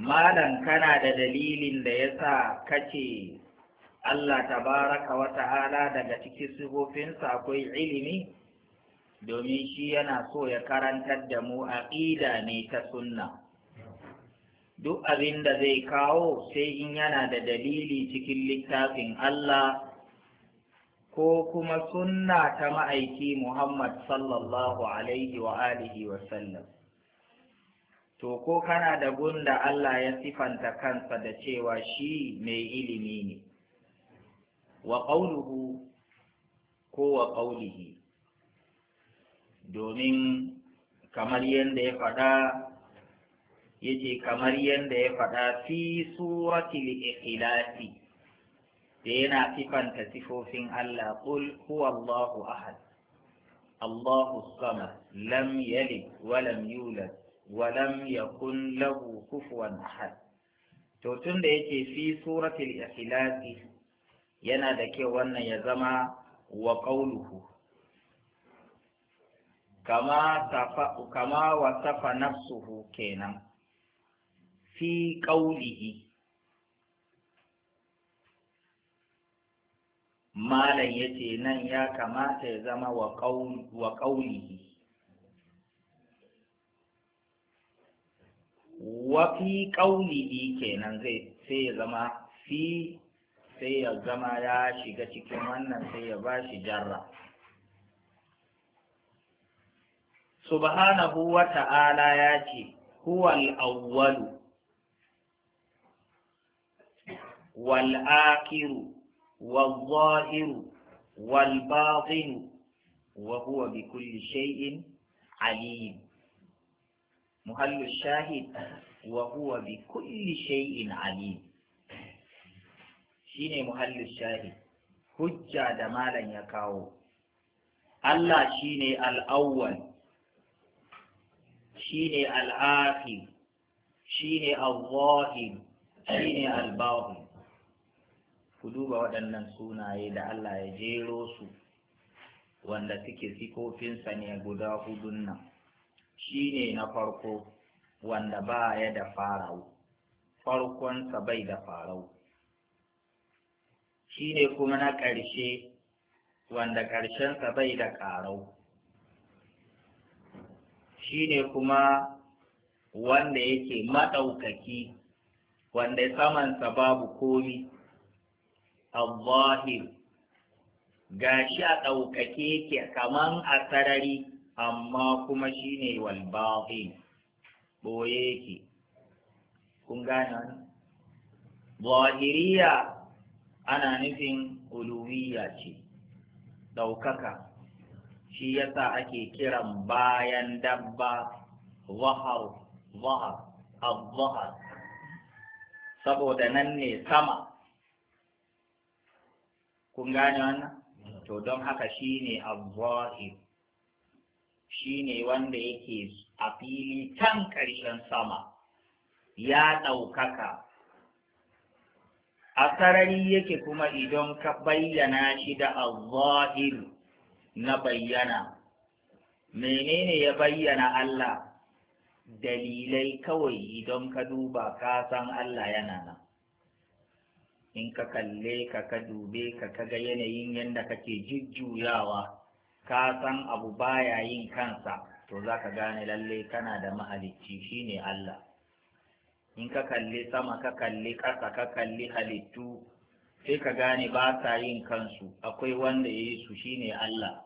malam kana da dalilin da ya sa kace Allah tabaraka wa ta'ala daga cikin sifofinsa akwai ilimi domin shi yana so ya karantar da mu aqida ne ta sunna duk abin da zai kawo sai in yana da dalili cikin littafin Allah ko kuma sunna ta ma'aiki Muhammad sallallahu alaihi wa alihi wa sallam to ko kana da gunda Allah ya sifanta kansa da cewa shi mai ilimi ne wa ƙauluhu ko wa ƙaulihi domin kamar yadda ya faɗa yace kamar yadda ya faɗa fi suratul ikhlasi da yana sifanta sifofin Allah qul huwallahu ahad Allahu samad lam yalid wa lam yulad walam yakun lahu kufuwan ahad to tun da yake fi suratul ikhlasi yana da kyau wannan ya zama wa qauluhu kama safa kama wasafa nafsuhu kenan fi qaulihi malam yace nan ya kamata ya zama wa qauli wa fi kenan zai sai ya zama fi sai ya zama ya shiga cikin wannan sai ya ba shi jarra subhanahu wa ta'ala ya ce huwal awwalu wal akiru wal zahiru wal batinu wa huwa bi kulli shay'in alim muhallu shahid wa huwa bi kulli shay'in alim shine muhallu shahid hujja da malam ya kawo Allah shine al-awwal shine al-akhir shine al-zahir shine al-batin ku duba waɗannan sunaye da Allah ya jero su wanda suke sifofinsa ne guda hudun nan shine na farko wanda ba ya da farau farkonsa bai da farau shine kuma na ƙarshe wanda ƙarshensa bai da ƙarau shine kuma wanda yake maɗaukaki wanda samansa babu komi al-zahir gashi a ɗaukake yake kaman a sarari amma kuma shine ne batin ɓoye yake kun gane wani zahiriya ana nufin uluwiyya ce ɗaukaka shi yasa ake kiran bayan dabba zahar zahar al-zahar saboda nan ne sama kun gane wannan mm. to don haka ne al-zahir Shi ne wanda yake a fili can ƙarshen sama ya ɗaukaka a sarari yake kuma idan ka bayyana shi da al-zahir na bayyana menene ya bayyana Allah dalilai kawai idan ka duba ka san Allah yana nan in ka kalle ka ka dube ka kaga yanayin yadda kake jujjuyawa ka san abu baya yin kansa to za ka gane lalle kana da mahalicci shine Allah in ka kalli sama ka kalli ƙasa ka kalli halittu sai ka gane ba sa yin kansu akwai wanda ya yi su shine Allah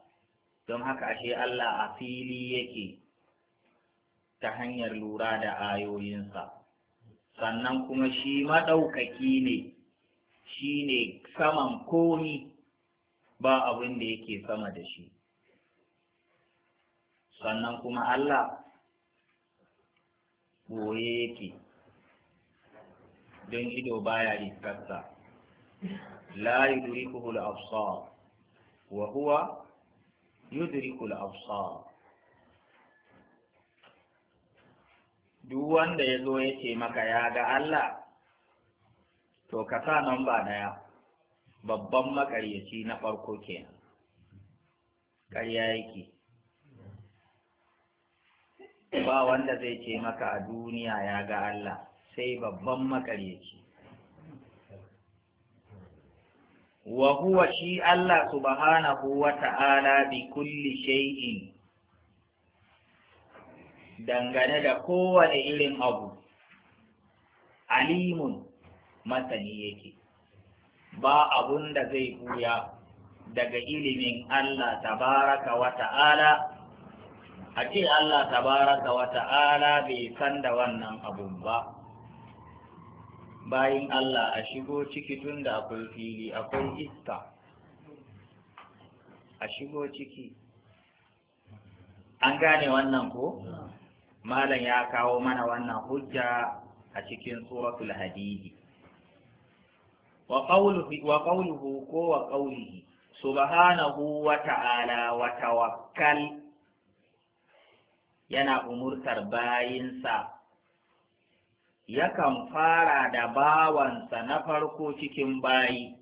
don haka ashe Allah a fili yake ta hanyar lura da ayoyinsa sannan kuma shi maɗaukaki ne shi ne saman komi ba abin da yake sama da shi sannan kuma Allah boye yake don ido baya iskarsa la yudrikuhu al-absar wa huwa yudriku al-absar duk wanda ya zo ya ce maka ya ga Allah to ka sa nan ba daya babban makaryaci na farko kenan ƙarya yake ba wanda zai ce maka a duniya ya ga Allah sai babban makaryaci wa huwa shi Allah subhanahu wa ta'ala bi kulli shay'in dangane da kowane irin abu alimun masani yake ba abun da zai buya daga ilimin Allah tabaraka wa ta'ala a ce Allah tabaraka wa ta'ala bai san da wannan abun ba bayin Allah a shigo ciki tun da akwai fili akwai iska a shigo ciki an gane wannan ko malam ya kawo mana wannan hujja a cikin suratul hadidi wa qawluhu ko wa qawlihi subhanahu wa ta'ala wa tawakkal yana umurtar bayinsa yakan fara da bawansa na farko cikin bayi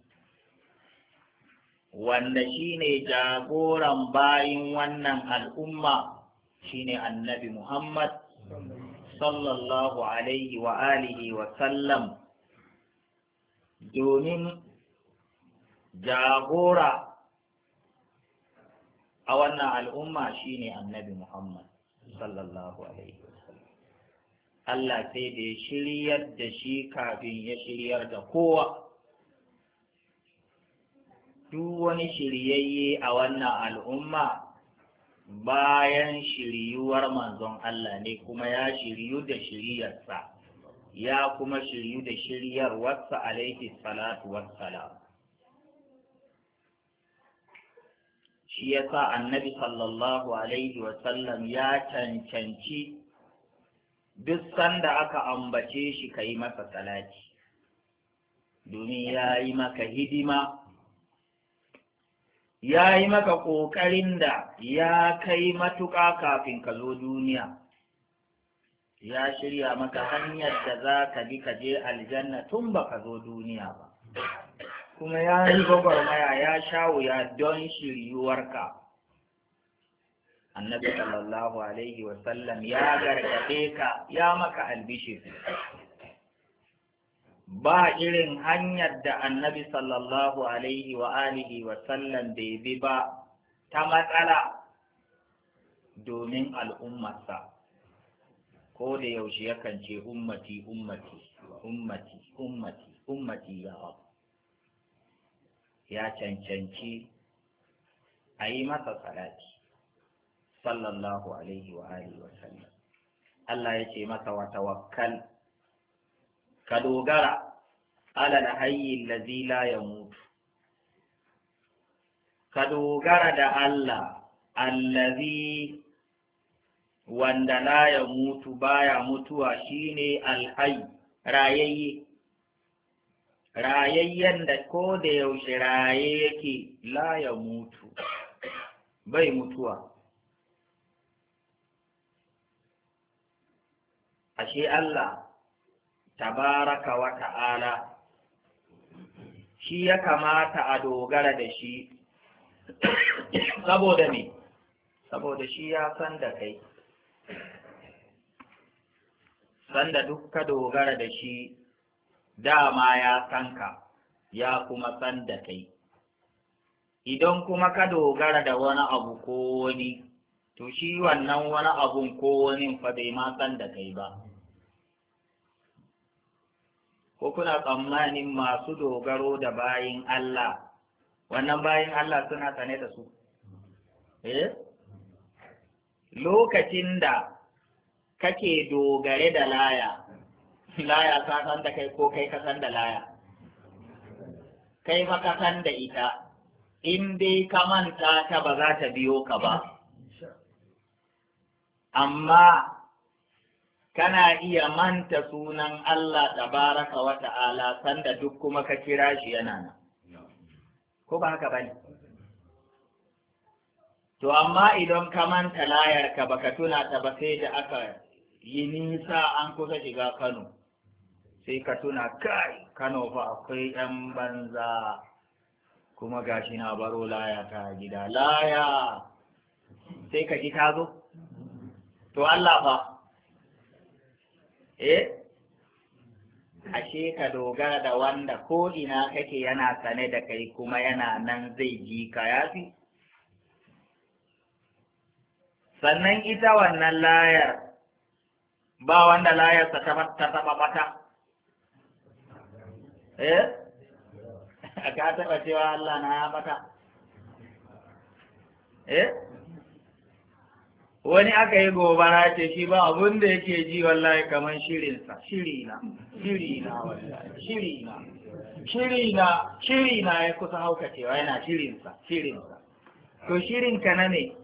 wanda shine jagoran bayin wannan al'umma shine annabi Muhammad sallallahu alaihi wa alihi wa sallam domin jagora a wannan al'umma shine annabi Muhammad sallallahu alaihi Allah sai da ya shiryar da shi kafin ya shiryar da kowa duk wani shiryayye a wannan al'umma bayan shiryuwar manzon Allah ne kuma ya shiryu da shiryarsa ya kuma shiryu da shiryarwarsa alaihi salatu wassalam shi ya sa annabi sallallahu alaihi wasallam ya cancanci duk sanda aka ambace shi ka yi masa salati domin ya yi maka hidima ya yi maka ƙoƙarin da ya kai matuƙa kafin ka zo duniya ya shirya maka hanyar da za ka bi ka je aljanna tun ba ka zo duniya ba kuma ya yi gwagwarmaya ya sha wuya don shiryuwarka annabi sallallahu alaihi wasallam ya gargaɗe ka ya maka albishir ba irin hanyar da annabi sallallahu alaihi wa alihi wasallam bai bi ba ta matsala domin al'ummarsa ko da yaushe yakan ce ummati ummati ummati ummati ummati ya ya cancanci a yi masa salati sallallahu alaihi wa alihi wa sallam Allah ya ce masa wa tawakkal ka dogara ala alhayyi allazi la mutu. ka dogara da Allah allazi wanda la ya mutu baya mutuwa shine alhayy rayayye rayayyen da ko da yaushe raye yake la ya mutu bai mutuwa ashe Allah tabaraka wa ta'ala shi ya kamata a dogara da shi saboda me saboda shi ya san da kai san da duk ka dogara da shi dama ya san ka ya kuma san da kai idan kuma ka dogara da wani abu ko wani to shi wannan wani abun ko wani fa bai ma san da kai ba ko kuna tsammanin masu dogaro da bayin Allah wannan bayin Allah suna sane da su eh lokacin da kake dogare da laya laya ka san da kai ko kai ka san da laya kai fa ka san da ita in dai ka manta ta ba za ta biyo ka ba amma kana iya manta sunan Allah tabaraka wa ta'ala sanda duk kuma ka kira shi yana nan ko ba haka bane to amma idan ka manta layar ka baka tuna ta ba sai da aka yi nisa an kusa shiga Kano sai ka tuna kai kano fa akwai yan banza kuma gashi na baro laya ta gida laya sai ka ji ta zo to Allah fa eh ashe ka dogara da wanda ko ina kake yana sane da kai kuma yana nan zai ji ka yafi sannan ita wannan layar ba wanda layar ta taba mata eh ka taɓa cewa Allah na ya bata eh wani aka yi gobara ce shi ba abun da yake ji wallahi kamar shirinsa shirina shirina wallahi na, shirina shirina ya kusa haukacewa yana shirinsa sa to ka na ne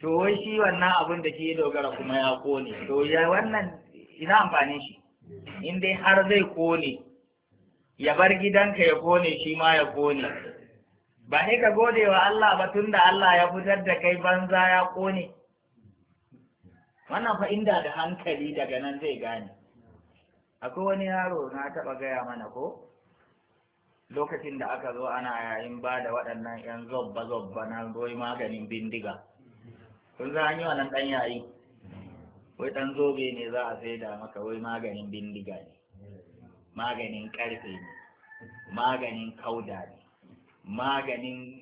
to wai shi wannan abun da ke dogara kuma ya kone to ya wannan ina amfani shi in dai har zai kone ya bar gidanka ya kone shi ma ya kone ba ni ka gode wa Allah ba tunda Allah ya fitar da kai banza ya kone wannan fa inda da hankali daga nan zai gane akwai wani yaro na taɓa gaya mana ko lokacin da aka zo ana yayin ba da waɗannan 'yan zobba-zobba na goyi maganin bindiga kun za a yi nan ɗan yayi wai ɗan zobe ne za a sai da maka wai maganin bindiga ne maganin ƙarfe ne maganin kauda ne maganin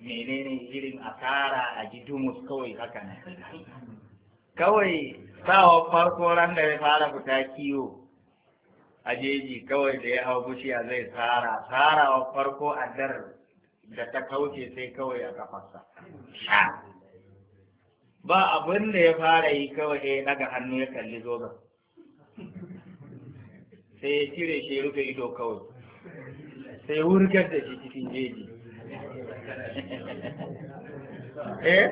menene irin asara a jidumus kawai haka na. kawai sawa farko ran da ya fara fita kiwo a jeji kawai da ya hau bushiya zai tsara wa farko a dar da ta kauce sai kawai a kafarsa ba abin da ya fara yi kawai ya daga hannu ya kalli zogar sai ya cire shi rufe ido kawai sai ya wurgar da shi cikin jeji eh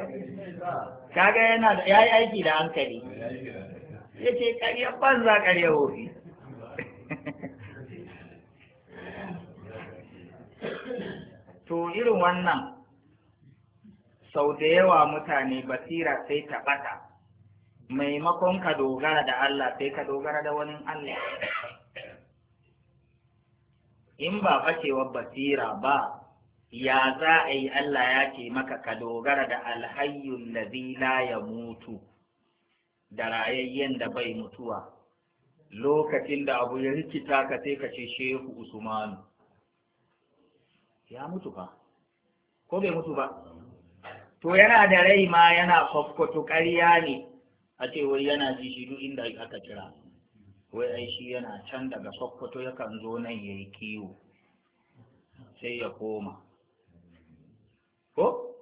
kaga yana da yi aiki da hankali Ya yace ƙarya banza ƙarya hofi to irin wannan sau da yawa mutane basira sai ta ɓata maimakon ka dogara da Allah sai ka dogara da wani Allah in ba fashewar basira ba ya za a yi Allah ya ce maka ka dogara da alhayyun da la ya mutu da rayayyen da bai mutuwa lokacin da abu ya rikita ka sai ka ce shehu usmanu ya mutu ba ko bai mutu ba to yana da rai ma yana kwakwato ƙarya ne a cewar yana ji shi duk inda aka kira wai ai shi yana can daga sokoto yakan zo nan ya yi kiwo sai ya koma ko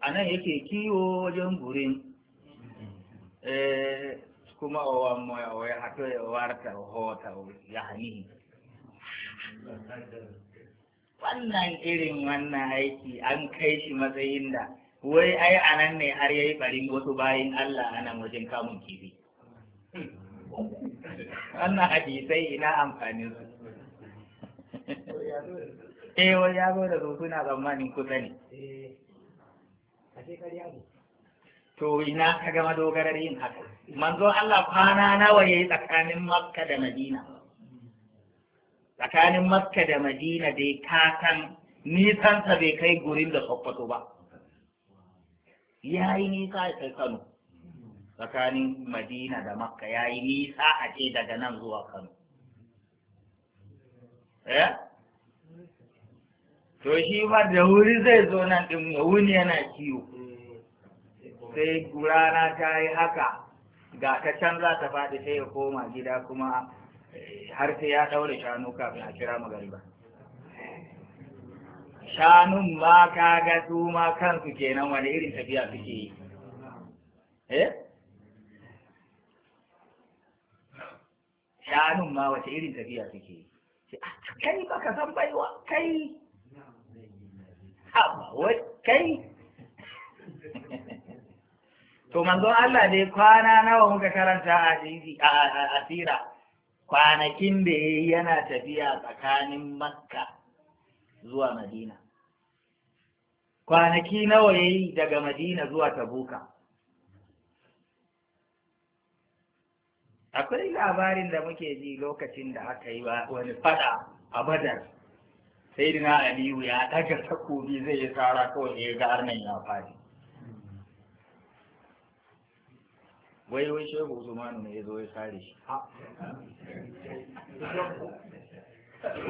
a nan yake kiwo wajen gurin eh, kuma owan moya wai hato ya warta hota ya hani wannan irin wannan aiki an kai shi matsayin da wai ai anan ne har yayi barin wasu bayin Allah anan wajen kamun kifi wannan hadisai ina amfanin su eh wai ya zo da su suna tsammanin kusa eh, ne to ina ka gama dogarar yin haka manzo Allah kwana nawa yayi tsakanin Makka da Madina tsakanin Makka da Madina dai kakan nisan nisansa bai kai gurin da kwakwato ba yayi nisa kai Kano tsakanin madina da makka ya yi nisa a ce daga nan zuwa kano eh to shi ma da wuri zai zo nan ɗin ya wuni yana ciwo sai rana ta yi haka ga ta can za ta faɗi sai ya koma gida kuma eh, har sai ya ɗaure shanu kafin a kira magariba shanun ba ka ga su ma kansu kenan wani irin tafiya suke yi eh shanun ma wace irin tafiya suke ah, kai ba san baiwa kai kai to manzon Allah dai kwana nawa muka karanta a asira kwanakin da ya yi yana tafiya tsakanin makka zuwa madina kwanaki nawa ya yi daga madina zuwa tabuka akwai labarin da muke ji lokacin da aka yi wani fada a badar sai dina aliyu ya daga takobi zai yi tsara kawai ya ga arnan ya fadi wai wai shehu usmanu ne ya zo ya sare shi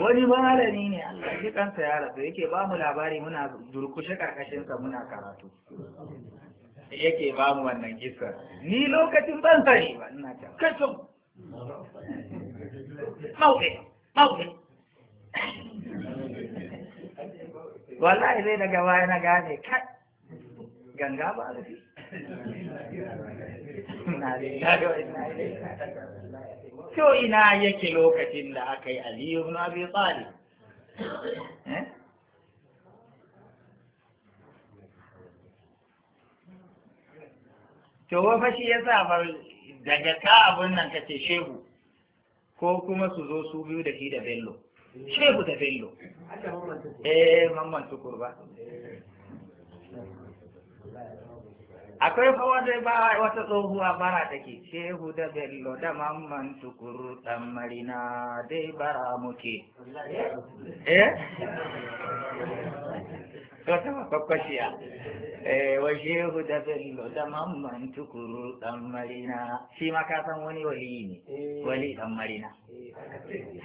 wani malami ne Allah ya kansa ya rasu yake ba mu labari muna durkushe karkashinsa muna karatu yake ba mu wannan kisa ni lokacin ban sani ba ina ta kashin mauke mauke wallahi sai daga waya na gane kai ganga ba da fi ko ina yake lokacin da aka yi aliyu na bi tsari? Eh? to wa fa shi yasa fa daga ka abun nan ka ce shehu ko kuma su zo su biyu da shi da bello shehu da bello eh mamman tukur ba akwai fa wanda ba wata tsohuwa bara take shehu da bello da mamman tukur dan marina dai bara muke eh wata kwakwashiya eh, wa shehu da bello da mamman tukuru dan marina shi ma ka san wani wali ne eh. wali dan marina eh,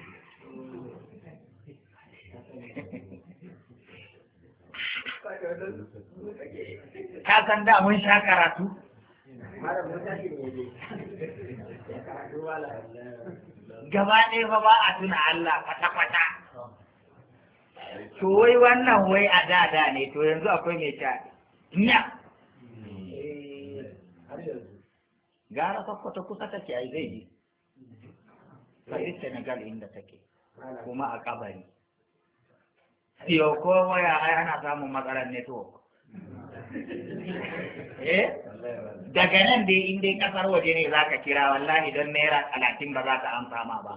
ka san da mun sha karatu gaba ɗaya fa ba a tuna Allah kwata-kwata to wai wannan wai a da da ne to yanzu akwai mai ta nya eh, gara kwakwato kusa take ai zai yi sai senegal inda take kuma a kabari Yo ko waya ai ana samun matsalar network eh daga nan dai in dai kasar waje ne za ka kira wallahi don naira talatin ba za ta amsa ma ba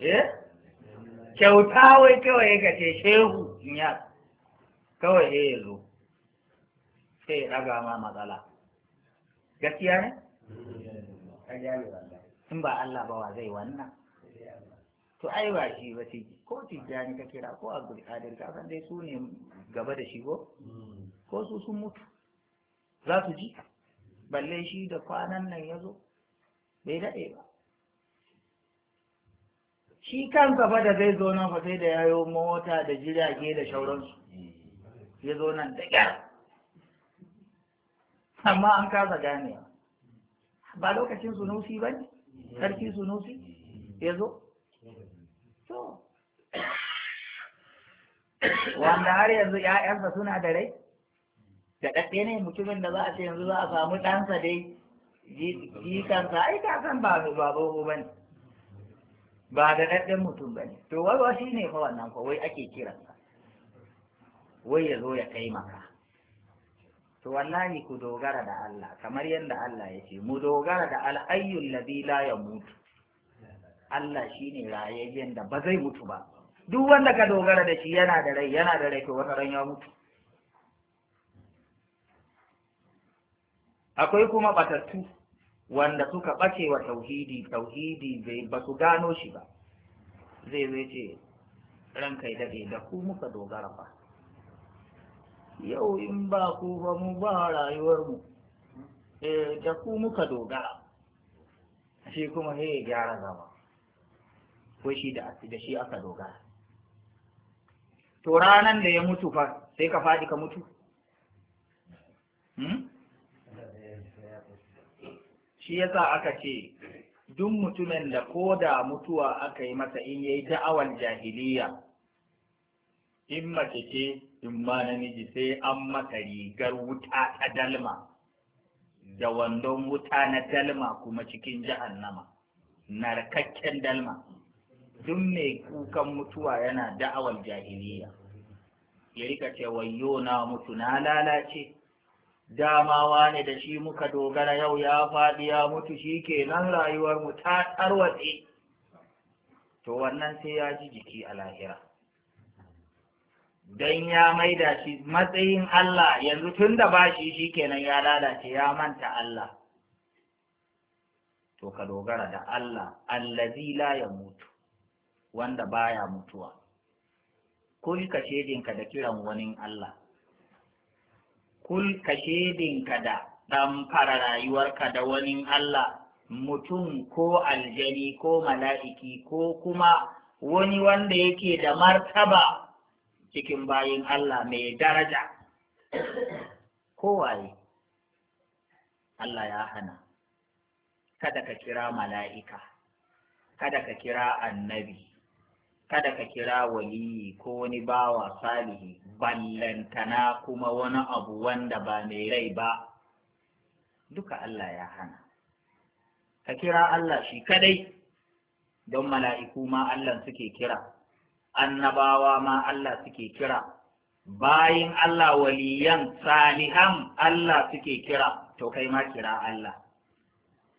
eh kyauta wai kawai ya ce shehu in ya kawai ya zo sai ya ɗaga ma matsala gaskiya ne? in ba Allah ba wa zai wannan to ai ba shi ba ce ko tijjani ka kira ko a qadir ka san dai su ne gaba da shi ko ko su sun mutu za su ji balle shi da kwanan nan ya zo bai daɗe ba shi kansa fa da zai zo nan fa sai da yayo mota da jirage da shauransu mm. ya zo nan da ƙyar amma an kasa gane. ba lokacin su nusi ba ne mm. sarki nusi mm. ya zo to wanda har yanzu ‘ya'yansa suna da rai da ɗaɗɗe ne mutumin da za a ce yanzu za a samu ɗansa dai jikansa ai kasan ba babu ba ne ba da ɗaɗɗen mutum ba ne to wai shi ne fa wannan ko wai ake kiransa wai ya zo ya taimaka to wallahi ku dogara da Allah kamar yadda Allah ya ce mu dogara da al'ayyun ladhi la yamut Allah shine rayayyen da ba zai mutu ba duk wanda ka dogara da shi yana da rai yana da rai to wata ran ya mutu akwai kuma batattu wanda suka ɓace wa tauhidi tauhidi bai ba su gano shi ba zai zai ce ranka ya daɗe da ku muka dogara ba yau in ba ku ba mu ba rayuwarmu eh, da ku muka dogara shi kuma sai ya gyara zama ko shi da shi aka dogara to ranan da ya mutu fa sai ka faɗi ka mutu hmm? shi yasa aka ce duk mutumin da ko da mutuwa aka yi masa in yayi da'awar jahiliya in mace ce in ma namiji sai an masa rigar wuta ta dalma da wandon wuta na dalma kuma cikin jahannama narkakken dalma duk mai kukan mutuwa yana da'awar jahiliya ya rika ce wayo na mutu na lalace damawa ne da shi muka dogara yau ya faɗi ya mutu shi ke nan rayuwarmu ta tarwatse to wannan sai ya ji jiki a lahira don ya maida shi matsayin Allah yanzu tun da ba shi shi kenan ya lalace ya manta Allah to ka dogara da Allah allazi la ya mutu wanda baya mutuwa ko ka shedinka da kiran wani Allah kul shedinka da ɗan fara rayuwarka da wani Allah mutum ko aljani ko mala'iki ko kuma wani wanda yake da martaba cikin bayin Allah mai daraja kowaye Allah ya hana kada ka kira mala'ika kada ka kira annabi kada ka kira waliyi ko wani bawa salihi ballantana kuma wani abu wanda ba mai rai ba duka Allah ya hana ka kira Allah shi kadai don mala'iku ma Allah suke kira annabawa ma Allah suke kira bayin Allah waliyan salihan Allah suke kira to kai ma kira Allah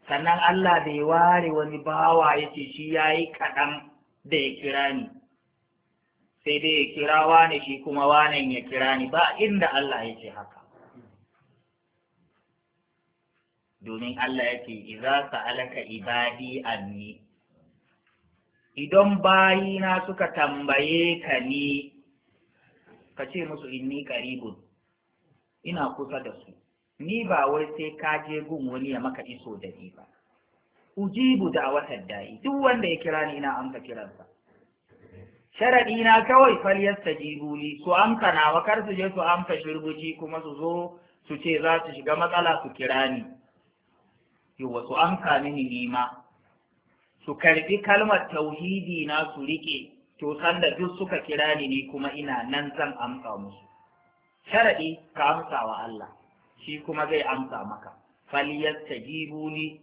sannan Allah bai ware wani bawa yace shi yayi kaɗan da ya kira ni sai dai ya kira wane shi kuma wanen ya kira ni ba inda Allah ya ce haka domin Allah ya ce iza sa'alaka ibadi anni idan bayina suka tambaye ka ni ka ce musu inni karibun? ina kusa da su ni ba wai sai ka je gun wani ya maka iso da ni ba ujibu da'watar da'i duk wanda ya kira ni ina amsa kiransa sharadi na kawai falyastajibu li su amsa nawa kar su je su amsa shirbuci kuma su zo su ce za su shiga matsala su kira ni yawa su amsa mini nima su karbi kalmar tauhidi na su rike to sanda duk suka kira ni ni kuma ina nan zan amsa musu sharadi ka amsa wa Allah shi kuma zai amsa maka ta li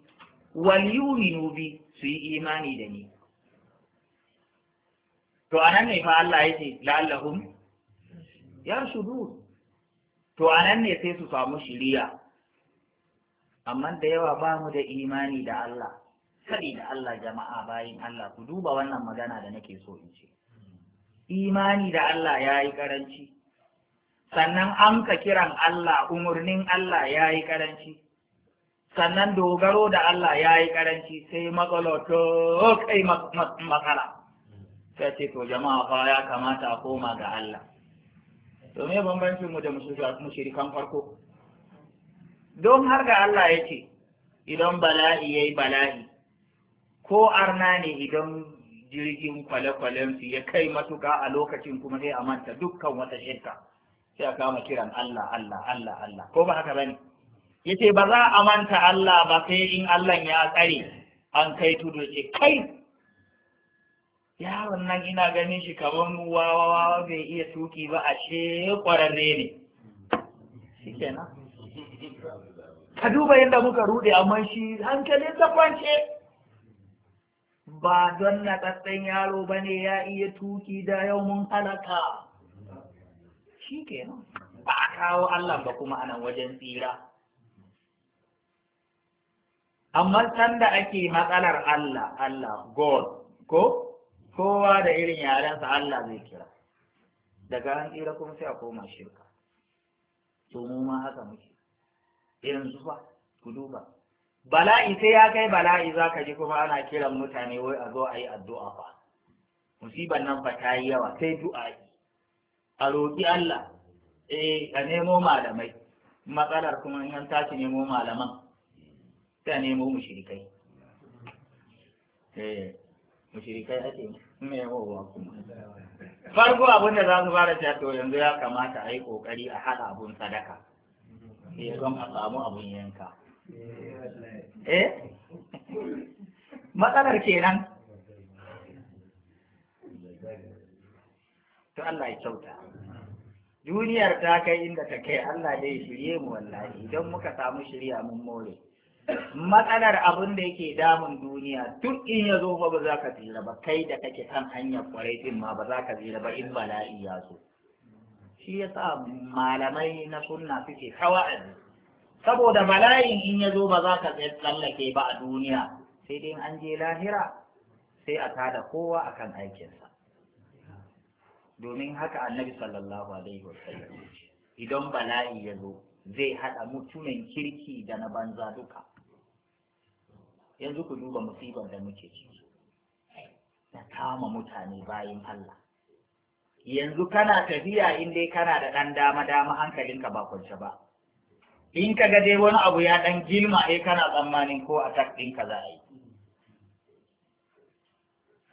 wal yu'minu bi su yi imani da ni to a nan ne fa Allah yake la'allahum yarshudun to a nan ne sai su samu shiriya amma da yawa ba mu da imani da Allah sadi da Allah jama'a bayan Allah ku duba wannan magana da nake so in ce imani da Allah ya yi karanci sannan amsa kiran Allah umarnin Allah ya yi karanci sannan dogaro da Allah ya yi ƙaranci sai to kai matsala sai ce to jama'a fa ya kamata a koma ga Allah to me bambancin mu da mushrikan farko don har ga Allah ya ce idan bala'i yayi bala'i ko arna ne idan jirgin kwale-kwalen su ya kai matuka a lokacin kuma sai a manta dukkan wata shirka sai a kama kiran Allah Allah Allah Allah ko ba haka bane yace ba za a manta Allah ba sai in Allah ya tsare an kai tudu ce kai yaron nan ina ganin shi kamar wawa bai iya tuki ba ashe kwararre ne shikenan ka duba yadda muka rude amma shi hankalin ta kwance ba don na tsatsan yaro ba ne ya iya tuki da yau mun halaka shi ba a kawo Allah ba kuma anan wajen tsira amma sanda ake matsalar Allah Allah God ko kowa da irin yarensa Allah zai kira daga an tsira kuma sai a koma shirka to mu ma haka muke yanzu zuwa, ku duba bala'i sai ya kai bala'i za ka ji kuma ana kiran mutane wai a zo a yi addu'a fa musibar nan fa ta yi yawa sai du'a a roƙi Allah eh a nemo malamai matsalar kuma in an tashi nemo malaman ta nemo mushrikai eh ake me yawa kuma farko abin da za su fara cewa to yanzu ya kamata a yi kokari a haɗa abun sadaka eh don a samu abun yanka eh matsalar kenan to Allah ya kyauta duniyar ta kai inda ta kai Allah dai shirye mu wallahi idan muka samu shirya mun more matsalar abin da yake damun duniya duk in ya zo ba za ka tsira ba kai da kake kan hanyar kwarai din ma ba za ka tsira ba in bala'i ya zo shi ya sa malamai na sunna suke kawa'azi saboda bala'in in ya zo ba za ka tsallake ba a duniya sai dai an je lahira sai a tada kowa akan aikinsa domin haka annabi sallallahu alaihi wasallam idan bala'i ya zo zai haɗa mutumin kirki da na banza duka yanzu ku duba musibar da muke ciki na kama mutane bayan Allah yanzu kana tafiya in dai kana da ɗan dama dama hankalinka ba kwance ba in ka ga dai wani abu ya ɗan gilma eh kana tsammanin ko a tak ɗinka za a yi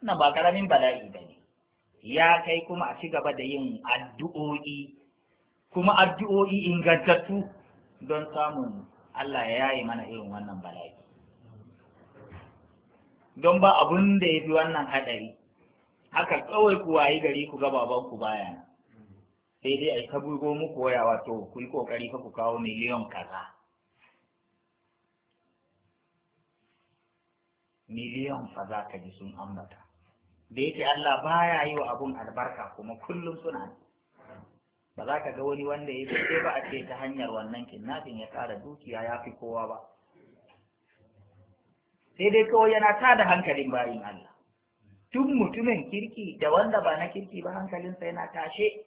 na ba karamin bala'i ba ne ya kai kuma a ci gaba da yin addu'o'i kuma addu'o'i ingantattu don samun Allah ya yi mana irin wannan bala'i don ba abun da ya fi wannan haɗari haka kawai ku wayi gari ku ga baban ku baya sai dai ai ta bugo muku waya wato ku yi kokari ka ku kawo miliyon kaza miliyon fa za ka ji sun ambata da yake Allah baya yi wa abun albarka kuma kullum suna ba za ka ga wani wanda ya ce ba a ce ta hanyar wannan kinnatin ya kara dukiya ya fi kowa ba sai dai kawai yana tada hankalin bayin Allah tun mutumin kirki da wanda ba na kirki ba hankalinsa yana tashe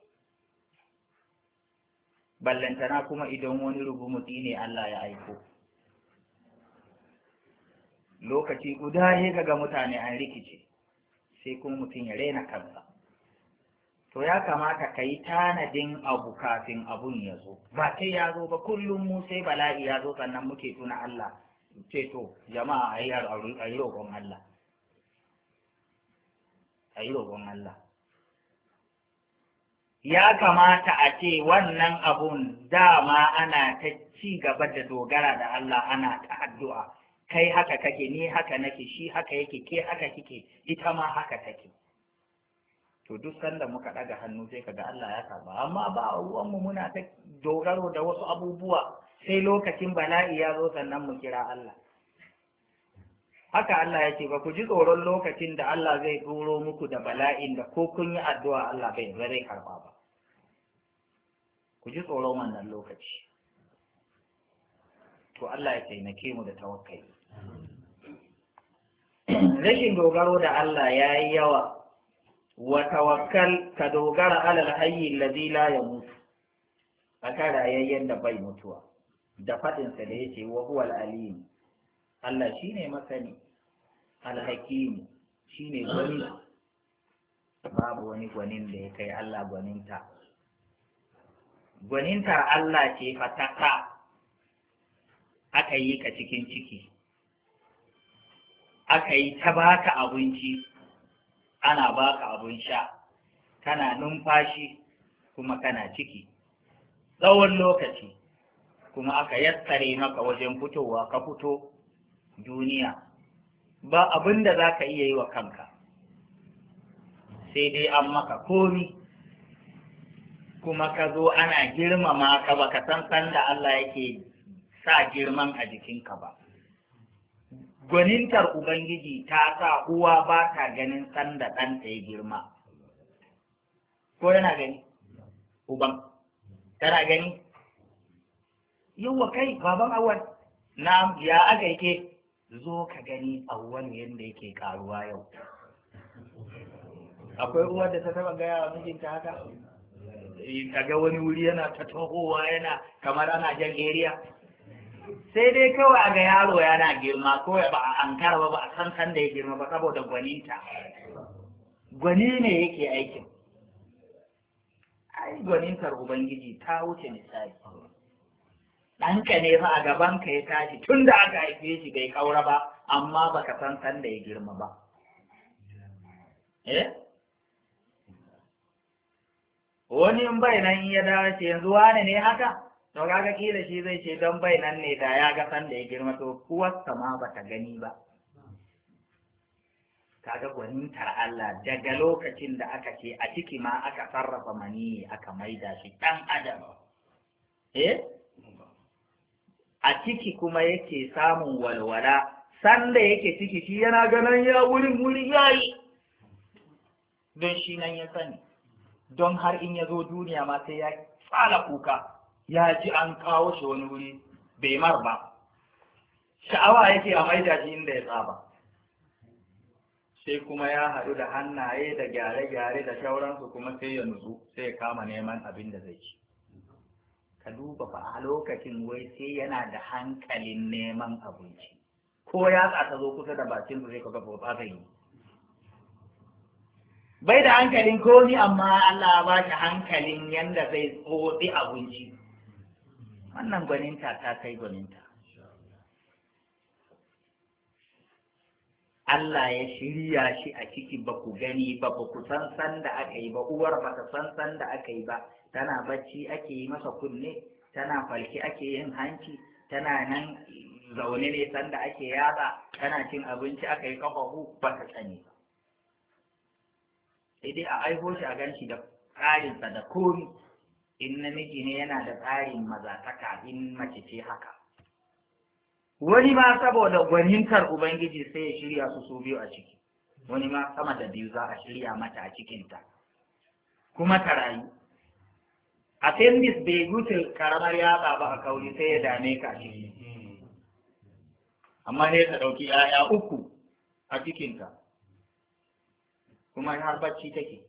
ballantana kuma idan wani rubumuti ne Allah ya aiko lokaci guda ya ga mutane an rikice sai kuma mutum ya rena kansa to ya kamata ka yi tanadin abu kafin abun ya zo ba sai ya zo ba kullum mu sai bala'i ya zo sannan muke tuna Allah ce to jama'a a yi roƙon Allah ya kamata a ce wannan abun dama ana ta ci gaba da dogara da Allah ana ta addu'a kai haka kake ni haka nake shi haka yake ke haka kike ita ma haka take to duk sanda muka ɗaga hannu sai kaga Allah ya karba amma ba uwanmu muna ta dogaro da wasu abubuwa sai lokacin bala'i ya zo sannan mu kira Allah haka Allah ya ce ba ku ji tsoron lokacin da Allah zai turo muku da bala'in da ko kun yi addu'a Allah bai zai karba ba ku ji tsoro wannan lokaci to Allah ya taimake mu da tawakkali rashin dogaro da Allah ya yi yawa wa tawakkal ka dogara alal ladila ya mutu a akan rayayyen da bai mutuwa da faɗinsa da ya ce wa huwal alim Allah shi ne masani alhakim shi ne gwani babu wani gwanin da ya kai Allah gwaninta Gwaninta Allah ce fataka aka yi ka cikin ciki aka yi ta baka abinci ana baka abin sha kana numfashi kuma kana ciki tsawon lokaci kuma aka yassare maka wajen fitowa ka fito duniya ba abin da za ka iya yi wa kanka sai dai an maka komi kuma ka zo ana girmama ka ba ka san sanda Allah yake sa girman a jikinka ba gwanintar ubangiji ta sa uwa ba ta ganin sanda ɗanta ya girma ko yana gani uban tana gani yawa kai baban awan na ya aka yake zo ka gani awan yadda yake karuwa yau akwai uwar da ta taba gaya wa mijinta haka kaga eh, wani wuri yana ta tohowa yana kamar ana jan area sai dai kawai a ga yaro yana girma kawai ba a ankara ba ba a san san da ya girma ba saboda gwaninta gwani ne yake aikin ai gwanintar ubangiji ta wuce misali ɗanka ne fa a gabanka ya tashi tun da aka haife shi bai ƙaura ba amma ba san san da ya girma ba eh wani in bai nan ya dawo yanzu wane ne haka to kaga kila shi zai ce don bai nan ne da ya ga sanda ya girma to kuwarsa ma bata gani ba kaga gwanintar Allah daga lokacin da aka ce a ciki ma aka sarrafa mani aka maida shi ɗan adam eh a ciki kuma yake samun walwala sanda yake ciki shi yana ganin ya wurin ya yi don shi nan ya sani don har in ya zo duniya ma sai ya tsala kuka ya ji an kawo shi wani wuri bai mar ba sha'awa yake a maida shi inda ya tsaba sai kuma ya haɗu da hannaye da gyare-gyare da shauransu kuma sai ya nutsu sai ya kama neman abin da zai ci ka duba fa a lokacin wai sai yana da hankalin neman abinci ko ya ta zo kusa da bakin zai kaga ba zai yi bai da hankalin komi amma Allah ba shi hankalin yanda zai tsotsi abinci wannan gwaninta ta kai gwaninta Allah ya shirya shi a ciki ba ku gani ba ba ku san san da aka yi ba uwar ba ta san san da aka yi ba tana bacci ake yi masa kunne tana falki ake yin hanci tana nan zaune ne sanda ake yatsa tana cin abinci aka yi hu ba ta tsane sai dai a aiko shi a ganshi da tsarin da komi in namiji ne yana da tsarin mazataka in mace ce haka wani ma saboda gwanintar ubangiji sai ya shirya su su biyu a ciki wani ma sama da biyu za a shirya mata a cikinta kuma ta rayu appendix bai wuce karamar yatsa ba a kauri sai ya dame ka shi amma sai ka ɗauki ‘ya'ya uku a cikinka kuma har bacci take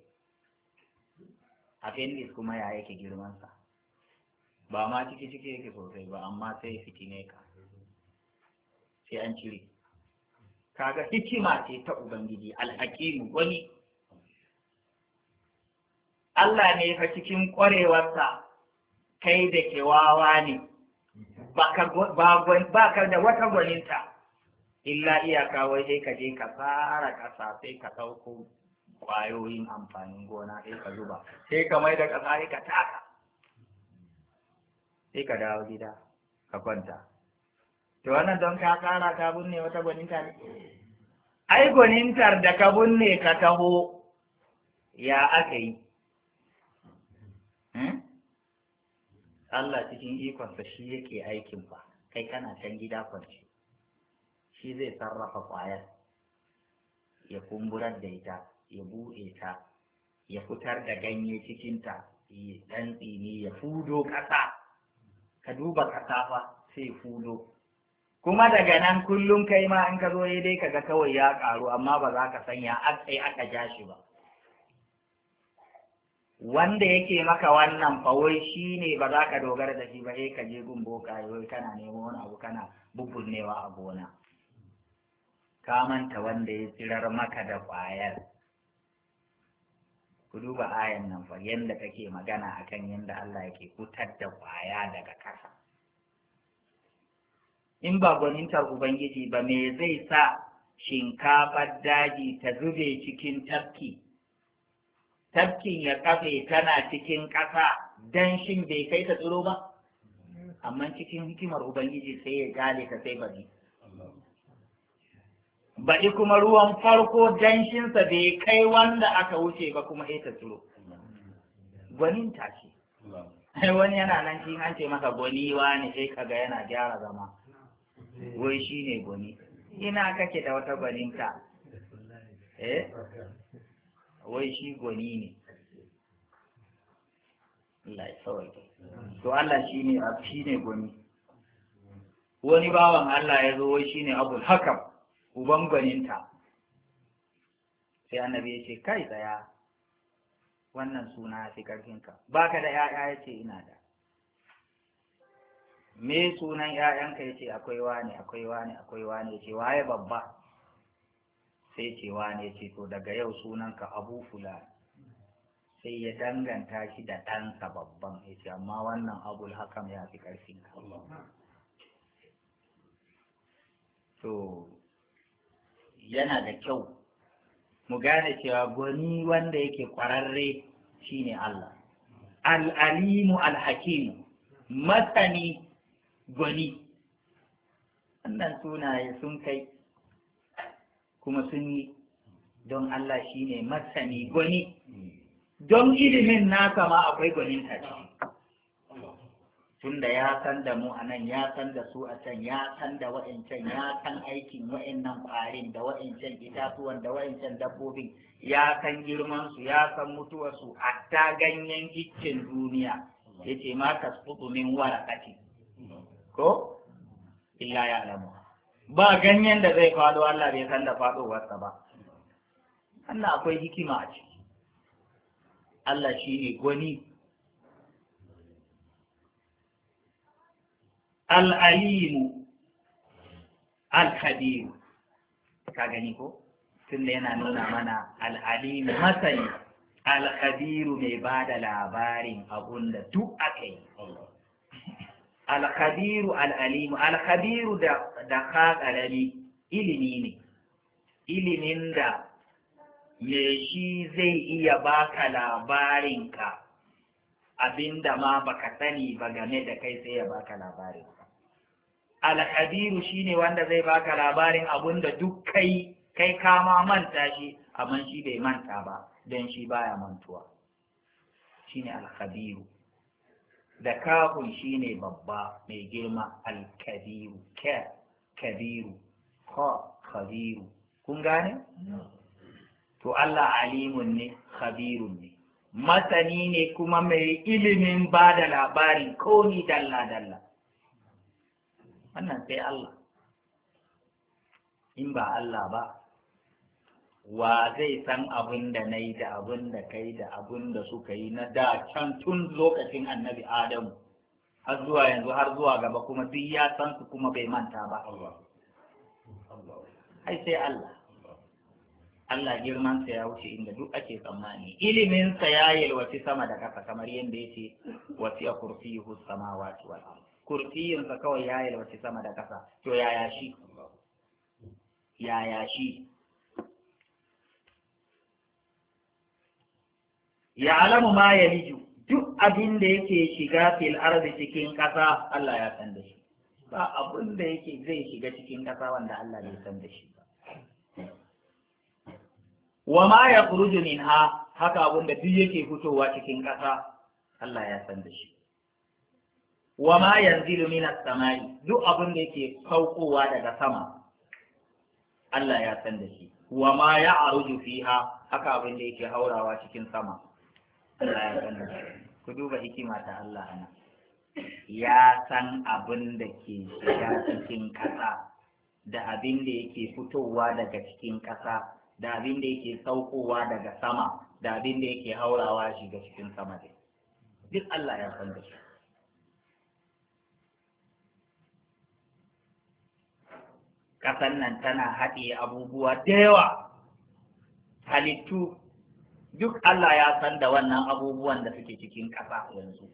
appendix kuma ya yake girmansa ba ma ciki ciki yake sosai ba amma sai fitine ka sai an cire kaga hikima ce ta ubangiji alhakimu wani Allah ne fa cikin ƙwarewarsa kai da ke wawa ne ba ka da wata gwaninta illa iyaka wai sai ka je ka fara ƙasa sai ka ɗauko ƙwayoyin amfanin gona sai ka zuba sai ka mai da ƙasa sai ka taka sai ka dawo gida ka kwanta to wannan don ka tsara ka binne wata gwaninta ne ai gwanintar da ka binne ka taho ya aka yi Allah cikin ikonsa shi yake aikin fa. kai kana can gida kwance shi zai sarrafa kwayar. ya kumburar da ita ya buɗe ta ya fitar da ganye cikinta ya ɗan tsini ya fudo ƙasa ka duba ƙasa fa sai fudo kuma daga nan kullum kai ma in ka zo dai ga kawai ya ƙaru amma ba za ka san ya aka aka ja ba wanda yake maka wannan fawai shi ne ba za ka dogara da shi ba sai ka je gun boka yau kana nemo wani abu kana bubbulnewa a gona ka manta wanda ya tsirar maka da ƙwayar ku duba ayan nan fa yanda kake magana akan yanda Allah yake kutar da ƙwaya daga ƙasa in ba gwanintar ubangiji ba me zai sa shinkafar daji ta zube cikin tafki tafkin ya kafe tana cikin ƙasa danshin bai kai ta tsiro ba amma cikin hikimar ubangiji sai ya gane ta sai bari baɗi kuma ruwan farko danshinsa bai kai wanda aka wuce ba kuma ita tsiro gwanin tashi wani yana nan shi an ce maka gwani ne sai kaga yana gyara zama wai shi ne gwani ina kake da wata gwaninka eh wai shi gwani ne to Allah shi ne shi ne gwani wani bawan Allah ya zo wai shi ne abul hakam uban gwaninta sai annabi ya ce kai tsaya wannan suna ya fi karfinka ba ka da ‘ya'ya ya ce ina da me sunan ‘ya'yanka ya ce akwai wani akwai wani akwai wani ya ce waye babba sai cewa ne ce to daga yau sunanka abu fula sai ya danganta shi da ɗansa babban ya amma wannan abul hakan ya fi ƙarfin ka to yana da kyau mu gane cewa gwani wanda yake ƙwararre shine Allah al'alimu alhakimu masani gwani wannan sunaye sun kai kuma sun yi don Allah shi ne masani gwani don ilimin nasa ma akwai gwanin tashi tunda ya san da mu a nan ya san da su a can ya san da wa'ancan ya san aikin wa'annan ƙwarin da wa'ancan itatuwan da wa'ancan dabbobin ya san girmansu ya san mutuwarsu ta ganyen iccen duniya ya ce ma tasfutu min ko illa ya alamu ba ganyen da zai faɗo Allah bai san da faɗowarsa ba Allah akwai hikima a ciki Allah shi ne gwani al'alimu al ka gani ko tunda yana nuna mana al'alimu masani al mai ba da labarin abun da duk aka yi alkabiru al'alimu alkabiru da haƙarari ilimi ne ilimin da me shi zai iya baka labarinka abinda ma baka sani ba game da kai sai ya baka labarin alkabiru shine wanda zai baka labarin abinda duk kai kai kama manta shi amma shi bai manta ba don shi baya mantuwa shine alkabiru da shi ne babba mai girma alkabiru ke kabiru ko kabiru kun gane to Allah alimun ne Kabiru ne masani ne kuma mai ilimin ba da labarin ni dalla dalla wannan sai Allah in ba Allah ba wa zai san abin da na yi da abin da kai da abin da suka yi na da can tun lokacin annabi adamu har zuwa yanzu har zuwa gaba kuma duk ya san su kuma bai manta ba ai sai Allah Allah girmansa ya wuce inda duk ake tsammani iliminsa ya yalwaci sama da ƙasa kamar yadda ya ce wasiya kursiyuhu samawati wal ard sa kawai ya yalwaci sama da ƙasa to yaya shi yaya shi ya alamu ma ya liju duk abin da yake shiga fil arzi cikin ƙasa Allah ya san da shi ba abin da yake zai shiga cikin ƙasa wanda Allah bai san da shi ba wa ma ya kuruju minha haka abin da duk yake fitowa cikin ƙasa Allah ya san da shi wa ma yanzilu as samai duk abin da yake saukowa daga sama Allah ya san da shi wa ma ya aruju fiha haka abin da yake haurawa cikin sama ku duba hikima ta Allah ana ya san abin da ke shiga cikin ƙasa da abin da yake fitowa daga cikin ƙasa da abin da yake saukowa daga sama da abin da yake haurawa shiga cikin sama dai duk Allah ya san da shi ƙasan nan tana haɗe abubuwa da yawa halittu duk Allah ya san da wannan abubuwan da suke cikin ƙasa yanzu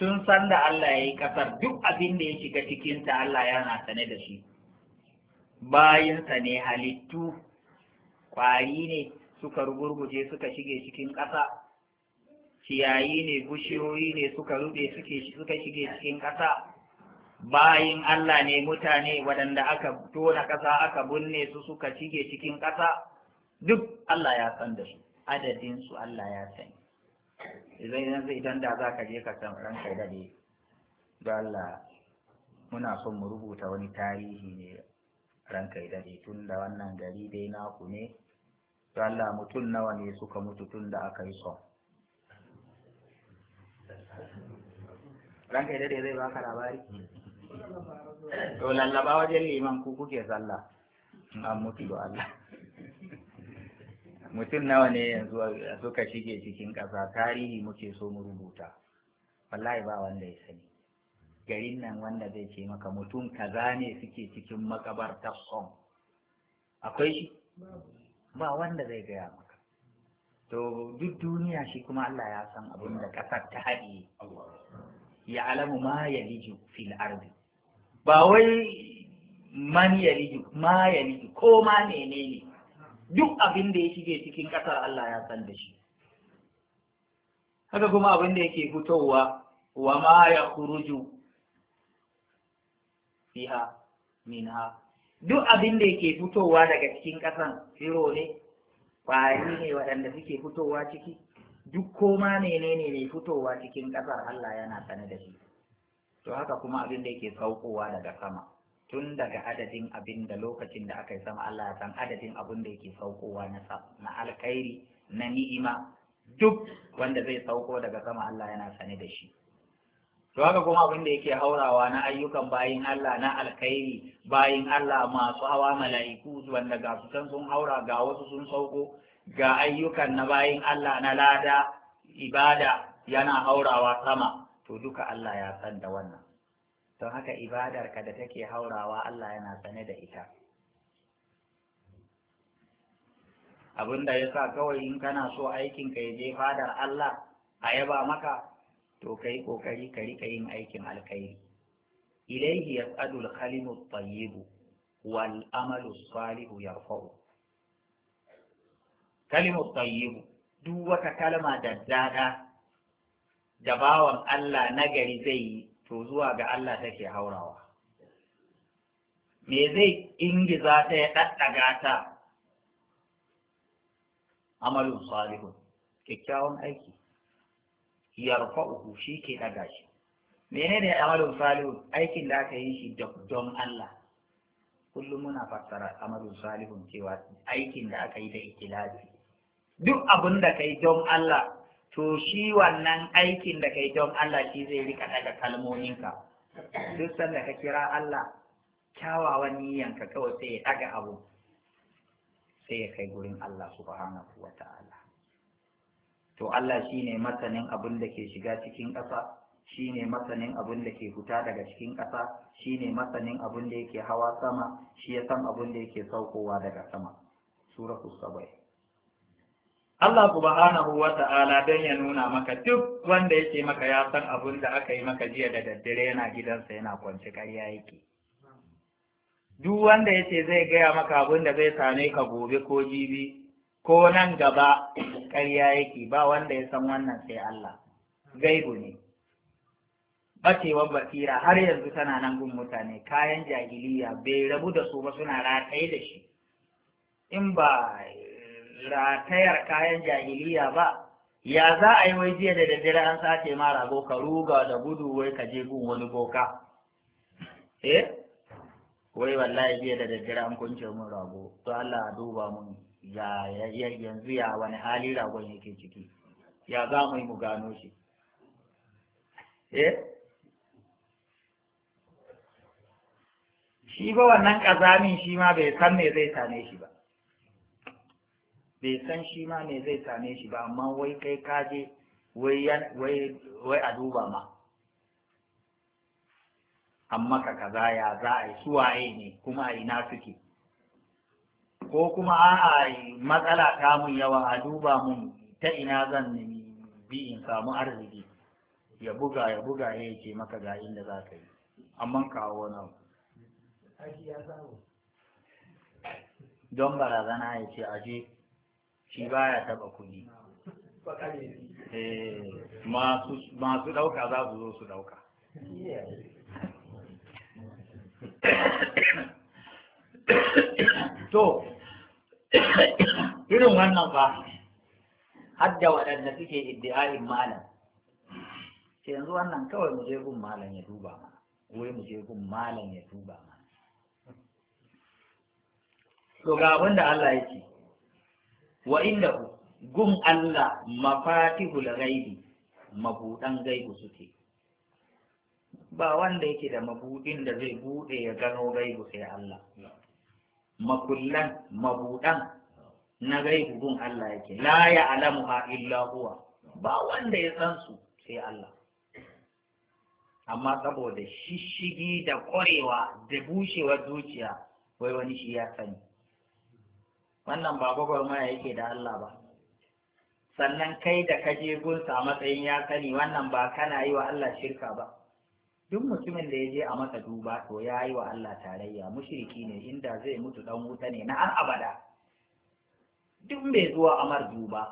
tun san da Allah ya yi ƙasar duk abin da ya shiga cikinta Allah yana sane da shi bayinsa ne halittu ƙwari ne suka rugurguje suka shige cikin ƙasa ciyayi ne bushiyoyi ne suka rube suka shige cikin ƙasa bayin Allah ne mutane waɗanda aka tona ƙasa aka binne su suka shige cikin ƙasa duk Allah ya san da su adadin su Allah ya sani idan yanzu idan da za ka je ka san ranka dade don Allah muna son mu rubuta wani tarihi ne ranka dade tun da wannan gari dai naku ne don Allah mutum nawa ne suka mutu tun da aka yi son ranka dade zai baka labari to lallaba wajen liman ku kuke sallah an mutu da Allah mutum nawa ne yanzu suka shige cikin ƙasa tarihi muke so mu rubuta wallahi ba wanda ya sani garin nan wanda zai ce maka mutum kaza ne suke cikin makabartar son akwai shi ba wanda zai gaya maka to duk duniya shi kuma Allah ya san abin da ƙasar ta haɗe ya alamu ma ya liju fil ardi ba wai man ma ya liju ko ma menene duk abin da ya shige cikin ƙasar Allah ya san da shi haka kuma abin da yake fitowa wa ma ya kuruju fiha minha duk abin da yake fitowa daga cikin ƙasan firo ne ƙwari ne waɗanda suke fitowa ciki duk koma menene ne fitowa cikin ƙasar Allah yana sane da shi to haka kuma abin da yake saukowa daga sama tun daga adadin abin da lokacin da aka yi sama Allah ya san adadin abin da yake saukowa na na alkhairi na ni'ima duk wanda zai sauko daga sama Allah yana sane da shi to haka kuma abin da yake haurawa na ayyukan bayin Allah na alkhairi bayin Allah masu hawa mala'iku wanda ga su can sun haura ga wasu sun sauko ga ayyukan na bayin Allah na lada ibada yana haurawa sama to duka Allah ya san da wannan don haka ibadarka da take haurawa Allah yana sane da ita abinda ya sa kawai in kana so aikinka ya je fadar Allah a yaba maka to ka yi ƙoƙari ka riƙa yin aikin alkhairi ilaihi yas'adul kalimu tayyibu wal amalu salihu yarfa'u kalimu tayyibu duk wata kalma da dada da bawan Allah nagari zai yi to zuwa ga Allah take haurawa me zai ingiza ta ya ɗaɗɗaga ta amalin salihun kyakkyawan aiki uku shi ke daga shi menene amalin salihun aikin da aka yi shi don Allah kullum muna fassara amalin salihun cewa aikin da aka yi da ikilasi duk abin da kai don Allah to shi wannan aikin da kai don Allah shi zai rika daga kalmominka duk sanda ka kira Allah kyawawan niyyanka kawai sai ya daga abu sai ya kai gurin Allah subhanahu wa ta'ala to Allah shi ne masanin abin da ke shiga cikin ƙasa ne masanin abin da ke fita daga cikin ƙasa ne masanin abin da yake hawa sama shi ya san abin da yake saukowa daga sama suratul sabai Allah subhanahu wa ta'ala don ya nuna maka duk wanda yake maka ya san abin da aka yi maka jiya da daddare yana gidansa yana kwanci karya yake. Duk wanda yake zai gaya maka abin da zai same ka gobe ko jibi ko nan gaba karya yake ba wanda ya san wannan sai Allah. Gaibu ne. Bacewar basira har yanzu tana nan gun mutane kayan jahiliya bai rabu da su ba suna rataye da shi. In ba ratayar kayan jahiliya ba ya za a yi wai jiya da daddare an sace ma rago ka ruga da gudu wai ka je gun wani boka eh wai wallahi jiya da daddare an kunce mun rago to Allah a duba mun ya yanzu ya wani hali ragon yake ciki ya za mu yi mu gano shi eh shi ba wannan kazamin shi ma bai san me zai same shi ba bai san shi ma me zai same shi ba amma wai kai kaje wai a duba ma amma ka kaza ya za a yi suwaye ne kuma a ina suke ko kuma a matsala ta mun yawa a duba mun ta ina zan bi in samu arziki ya buga ya buga ya ce maka ga inda za ka yi amma kawo nan don barazana ya ce aje shi baya taba kuɗi eh, masu ɗauka za su zo su ɗauka to irin wannan ba hadda waɗanda suke iddi'ayin malam sai yanzu wannan kawai mu je gun malam ya duba mana wai mu je gun malam ya duba mana to ga abin da Allah ya ce wa inda gum Allah mafatihul ghaibi mabudan gaibu suke ba wanda yake da mabudin da zai bude ya gano gaibu sai Allah makullan mabudan na gaibu gun Allah yake la ya'lamuha illa huwa ba wanda ya san su sai Allah amma saboda shishigi da ƙwarewa da bushewar zuciya wai wani shi ya sani wannan ba gwagwarmaya yake da Allah ba sannan kai da ka je gunsa a matsayin ya sani wannan ba kana yi wa Allah shirka ba duk mutumin da ya je a masa duba to ya yi wa Allah tarayya mushriki ne inda zai mutu dan wuta ne na har abada duk mai zuwa amar duba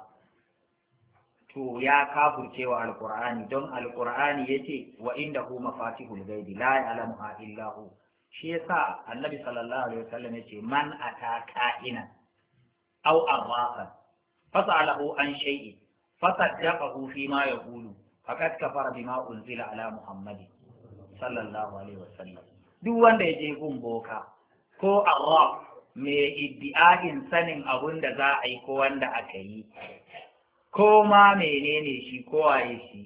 to ya kafurce wa alkur'ani don Alƙur'ani ya ce wa inda ku mafatihul hulgaidi la alamu a illahu. shi ya sa, annabi sallallahu alaihi wasallam ya ce man ta ka'ina aw amaha fasalahu an shay'in fasaddaqahu fi ma yaqulu faqad kafara bima unzila ala muhammadin sallallahu alaihi duk wanda ya je gun boka ko Allah mai iddi'a'in sanin abun da za a yi ko wanda aka yi ko ma menene shi ko waye shi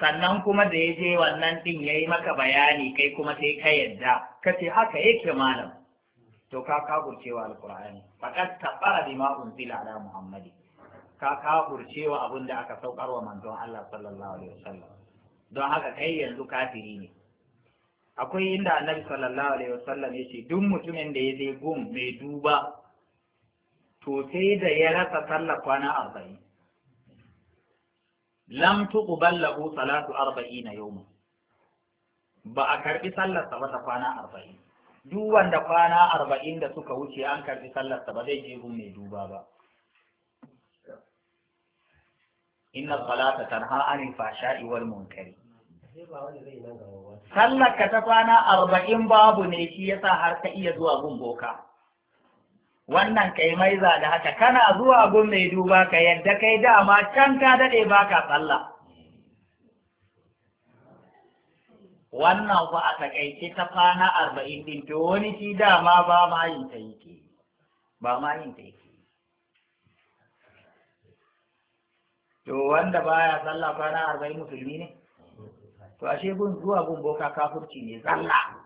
sannan kuma da ya je wannan din yayi maka bayani kai kuma sai ka yadda kace haka yake malam to ka kafurcewa alqur'ani faqad kafara bima unzila ala muhammadi ka kafurcewa abin da aka saukar wa manzon Allah sallallahu alaihi wasallam don haka kai yanzu kafiri ne akwai inda annabi sallallahu alaihi wasallam yace duk mutumin da ya je gum mai duba to sai da ya rasa sallar kwana arba'in lam tuqbal lahu salatu arba'ina yawma ba a karbi sallar sa ba ta kwana arba'in duk wanda kwana arba'in da suka wuce an karbi sallarsa ba zai je mai duba ba inna salata tanha anil fashai wal munkari sallar ka ta kwana arba'in babu ne shi ya sa har ka iya zuwa gun boka wannan kai maiza da haka kana zuwa gun mai duba ka yadda kai dama can ka dade baka sallah wannan ku a takaice ta kwana arba'in din to wani shi dama ba ma yin ta yake ba ma yin ta yake to wanda ba ya sallah kwana arba'in musulmi ne to ashe gun zuwa gun boka kafurci ne tsalla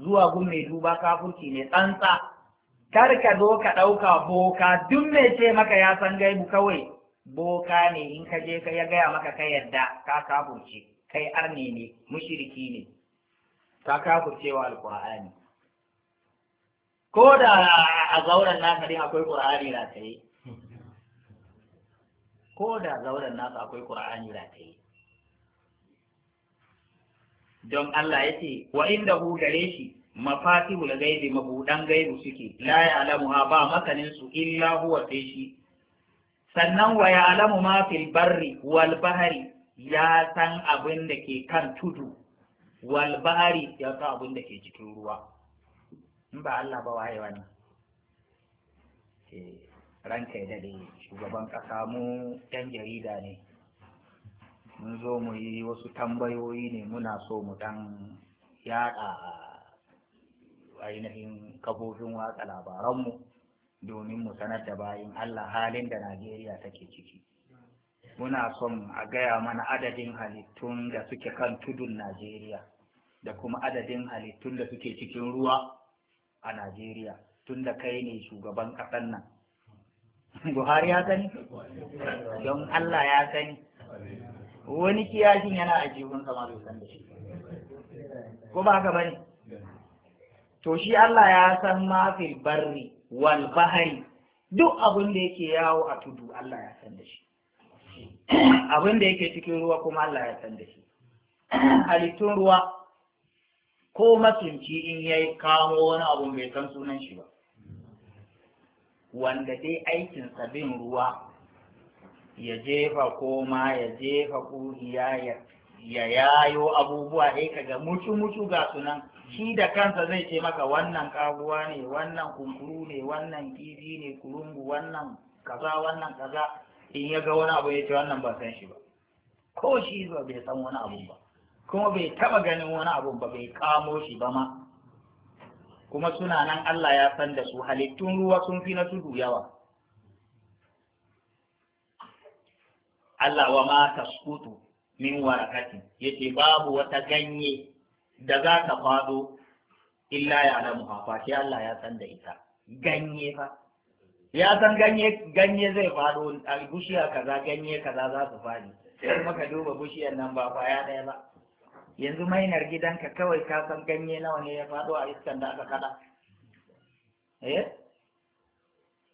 zuwa gun mai duba kafurci ne tsantsa kar ka zo ka ɗauka boka duk mai ce maka ya san gaibu kawai boka ne in ka je ka ya gaya maka ka yadda ka kafurce kai arne ne mushiriki ne ka cewa alqur'ani ko da a zauren nasa din akwai qur'ani da kai ko da zauren nasa akwai qur'ani da kai don Allah yace wa indahu gare shi mafatihul gaibi mabudan gaibu suke la ya'lamuha ba makanin su illa huwa sai shi sannan wa ya'lamu ma fil barri wal bahri ya san abin da ke kan tudu wal bahari ya san abin da ke cikin ruwa in ba Allah ba waye wani eh, ranka ya dade shugaban kasa mu yan jarida ne mun zo mu yi wasu tambayoyi ne muna so mu dan yaɗa ainihin kafofin watsa labaranmu domin mu sanar da bayin Allah halin da Najeriya take ciki muna son a gaya mana adadin halittun da suke kan tudun Najeriya da kuma adadin halittun da suke cikin ruwa a Najeriya tun da kai ne shugaban ƙasar nan. Buhari ya sani? Don Allah ya sani. Wani kiyashin yana a jihun kamar bai san da shi. Ko ba haka bane? To shi Allah ya san ma barri wal bahari duk abin da yake yawo a tudu Allah ya san da shi. abin da yake cikin ruwa kuma Allah ya san da shi halittun ruwa ko masunci in ya kamo wani abu mai san sunan shi ba wanda dai aikin bin ruwa ya jefa koma ya jefa kuriya ya yayo abubuwa dai kaga mucu-mucu ga sunan shi da kansa zai ce maka wannan kaguwa ne wannan kunkuru ne wannan kifi ne kurungu wannan kaza wannan kaza in ya ga wani abu ya ce wannan ba san shi ba ko shi ba bai san wani abu ba kuma bai taba ganin wani abu ba bai kamo shi ba ma kuma suna nan Allah ya san da su halittun ruwa sun fi na tudu yawa Allah wa ma tasqutu min warakati yace babu wata ganye da za ta fado illa ya alamu fa sai Allah ya san da ita ganye fa ya san ganye ganye zai faɗo a bushiya kaza ganye kaza za su faɗi sai maka duba bushiyar nan ba kwaya ɗaya ba yanzu mainar gidanka kawai ka san ganye nawa ne ya faɗo a iskan da aka kada eh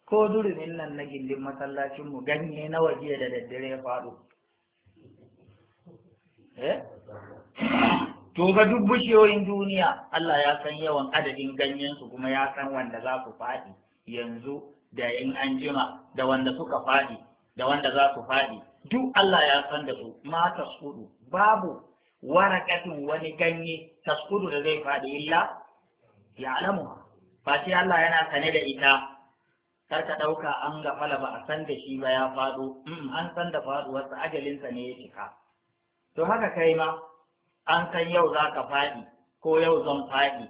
ko durumin nan na gindin masallacinmu ganye nawa jiya da daddare ya faɗo eh to ga duk bishiyoyin duniya Allah ya san yawan adadin ganyensu kuma ya san wanda za su faɗi yanzu da in an jima da wanda suka faɗi da wanda za su faɗi duk Allah ya san da su ma taskudu. babu warakatin wani ganye taskudu da zai faɗi illa ya alamu ba shi Allah yana sane da ita kar ka ɗauka an gafala ba a san da shi ba ya faɗo mm, an san da faɗuwarsa ajalinsa ne ya cika to haka kai ma an san yau za ka faɗi ko yau zan faɗi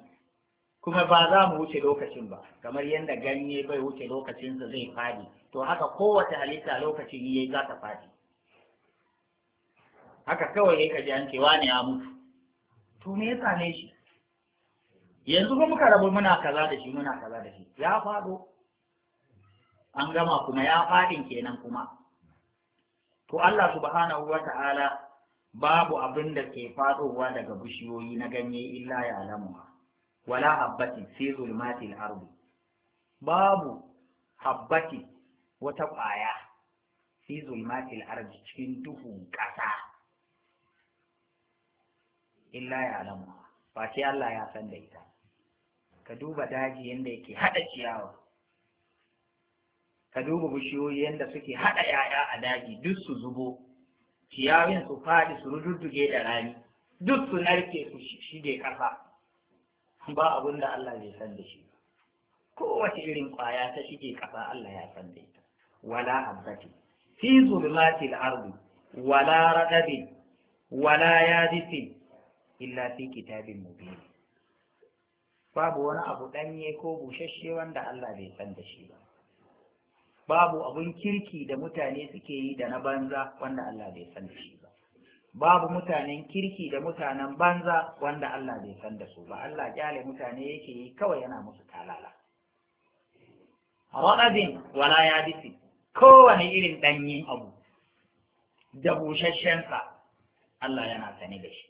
kuma ba za mu wuce lokacin ba kamar yadda ganye bai wuce lokacinsa zai fadi to haka kowace halitta lokacin yayi za ta fadi haka kawai ka ji an cewa ne ya mutu to me ya same shi yanzu kuma muka rabu muna kaza da shi muna kaza da shi ya fado an gama kuma ya fadin kenan kuma to Allah subhanahu wa ta'ala babu abin da ke fadowa daga bishiyoyi na ganye illa ya alamuwa wala habbatin fi zulmatil ardi babu habbati wata ƙwaya fi zulmatil ardi cikin duhun ƙasa illa ya alamu ba sai Allah ya san da ita ka duba daji yadda yake haɗa ciyawa ka duba bishiyoyi yadda suke haɗa ‘ya'ya a daji duk su zubo ciyawin su faɗi su rududduge da rani duk su narke su shige ƙasa ba abin da Allah bai san da shi ba kowace irin kwaya ta shige kasa Allah ya san da ita wala habati fi zulmatil ardi wala radabi wala yadisi illa fi kitabin mubin babu wani abu danye ko bushashe wanda Allah bai san da shi ba babu abun kirki da mutane suke yi da na banza wanda Allah bai san da shi babu mutanen kirki da mutanen banza wanda Allah bai san da su ba Allah kyale mutane yake yi kawai yana musu talala raɗadin wala ya bisi kowane irin danyi abu da sa Allah yana sani da shi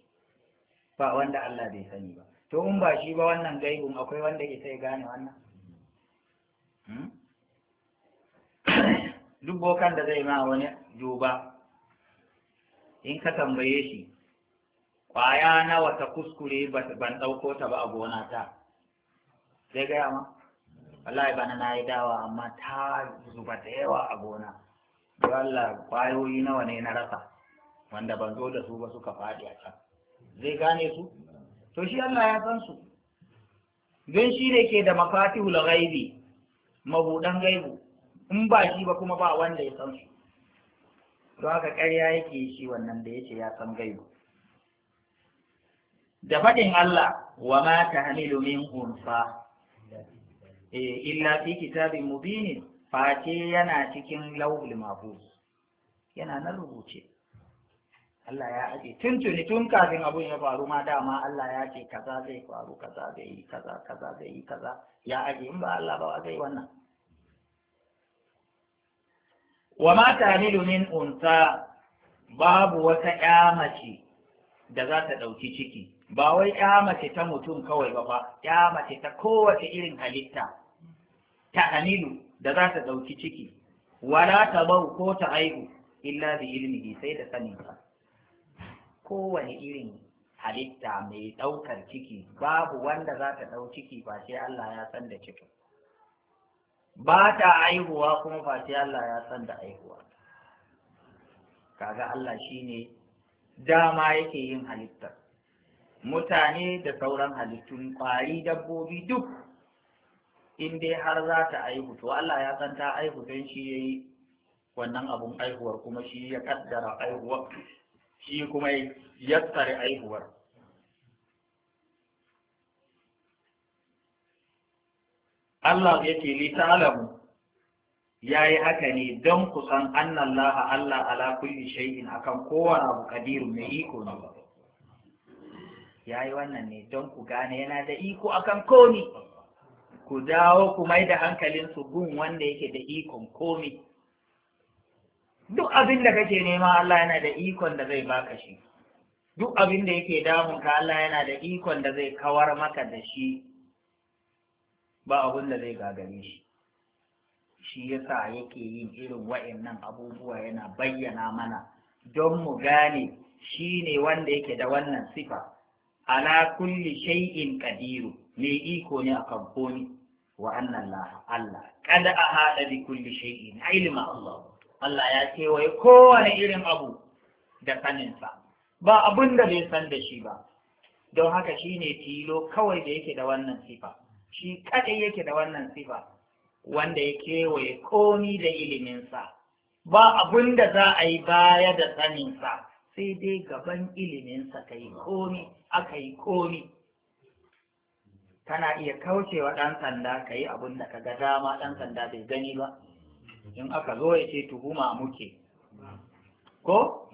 ba wanda Allah bai sani ba to in ba shi ba wannan gaibun akwai wanda ke sai gane wannan hmm? duk bokan da zai ma wani duba in ka tambaye shi kwaya nawa ta kuskure ban ɗauko ta ba a gona ta zai gaya ma wallahi bana na yi dawa amma ta zuba da yawa a gona don Allah ƙwayoyi nawa ne na rasa wanda ban zo da su ba suka faɗi a can zai gane su to shi Allah ya san su don shi ne ke da mafatihul ghaibi mabudan gaibu in ba shi ba kuma ba wanda ya san su To haka ƙarya yake shi wannan da yake ya san gaibu da faɗin Allah wa ma tahmilu min unsa eh illa fi kitabin mubin face yana cikin lawul mahfuz yana nan rubuce Allah ya ake tun tuni tun kafin abun ya faru ma dama Allah ya ce kaza zai faru kaza zai yi kaza kaza zai yi kaza ya ake in ba Allah ba zai wannan wa ma tahmilu min unsa babu wata ƴa mace da za ta ɗauki ciki ba wai ƴa mace ta mutum kawai ba ba ƴa mace ta kowace irin halitta ta hamilu da za ta ɗauki ciki wala ta bau ko ta aihu illa bi ilmihi sai da sanin ka. kowane irin halitta mai ɗaukar ciki babu wanda za ta ɗau ciki ba sai Allah ya san da cikin ba ta aihuwa kuma ba sai Allah ya san da aihuwa kaga Allah shine dama yake yin halittar mutane da sauran halittun ƙwari dabbobi duk in dai har za ta aihu to Allah ya san ta aihu don shi ya yi wannan abun aihuwar kuma shi ya kaddara aihuwar shi kuma ya tsare aihuwar Allah ya ce li ta'lamu yi haka ne don ku san annallaha Allah ala kulli shay'in akan kowane abu kadiru mai iko ne yi wannan ne don ku gane yana da iko akan komi ku dawo ku mai da hankalin su gun wanda yake da ikon komi duk abin da kake nema Allah yana da ikon da zai baka shi duk abin da yake damun ka Allah yana da ikon da zai kawar maka da shi ba abin da zai gagare shi shi yasa yake yin irin wa'annan abubuwa yana bayyana mana don mu gane shi ne wanda yake da wannan sifa ala kulli shay'in qadiru mai iko ne a kamfoni wa annan Allah kada a haɗa bi kulli shay'in ilma Allah Allah ya kewaye kowane irin abu da saninsa ba abin da bai san da shi ba don haka shi ne tilo kawai da yake da wannan sifa shi kadai yake da wannan sifa wanda ya kewaye komi da iliminsa ba abun da za a yi baya da saninsa sai dai gaban iliminsa ka yi komi aka yi komi kana iya kaucewa ɗan sanda ka yi abun da ka ga dama ɗan sanda bai gani ba in aka zo ya ce tuhuma muke ko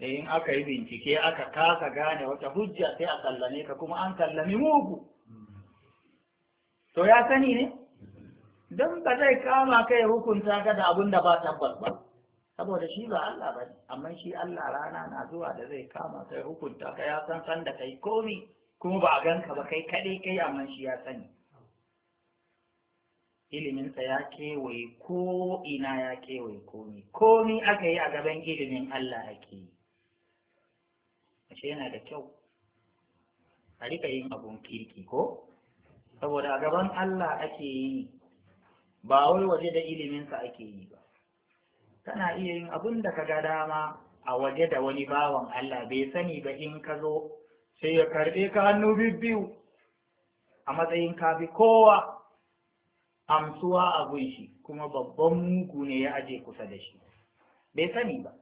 eh, in aka yi bincike aka kasa gane wata hujja sai a sallame ka kuma an sallami mugu to ya sani ne don ba zai kama kai hukunta ka da abin da ba tabbas ba saboda shi ba Allah ba amma shi Allah rana na zuwa da zai kama kai hukunta ka ya san san da kai komi kuma ba a ka ba kai kaɗai kai amma shi ya sani iliminsa ya kewaye ko ina ya kewaye komi komi aka yi a gaban ilimin Allah ake yi ashe yana da kyau a rika yin abun kirki ko saboda a gaban Allah ake yi ba wai waje da iliminsa ake yi ba kana iya yin abin da ka ga dama a waje da wani bawan Allah bai sani ba in ka zo sai ya karɓe ka hannu biyu a matsayin kafi kowa amsuwa a shi kuma babban mugu ne ya aje kusa da shi bai sani ba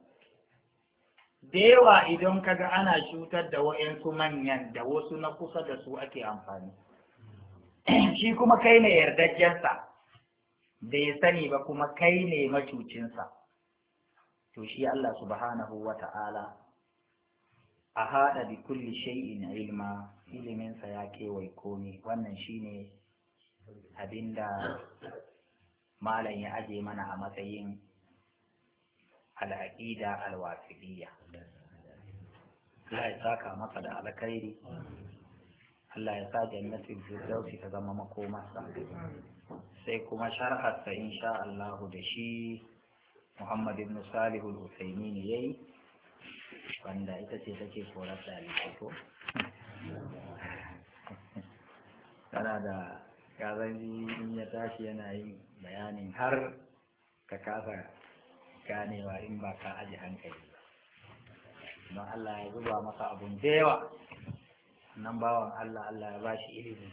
da idan kaga ana cutar da wa'yansu manyan da wasu na kusa da su ake amfani shi kuma kai ne yardajjensa bai sani ba kuma kai ne macucinsa to shi Allah subhanahu wa ta'ala a haɗa bi kulli shay'in ilma iliminsa ya kewai komi wannan shine abinda malam ya aje mana a matsayin al'aƙida alwasiliya Allah ya saka masa da alkhairi Allah ya sa jannatin firdausi ta zama makomarsa sai kuma sharharsa insha Allahu da shi Muhammad ibn Salihu al-Usaimi ne yayi wanda ita ce take korar dalibai ko tana da kazani in ya tashi yana yi bayanin har ka kasa ganewa in ba ka aji hankali ba don Allah ya zuba masa abun da yawa nan bawan Allah Allah ya ba shi ilimi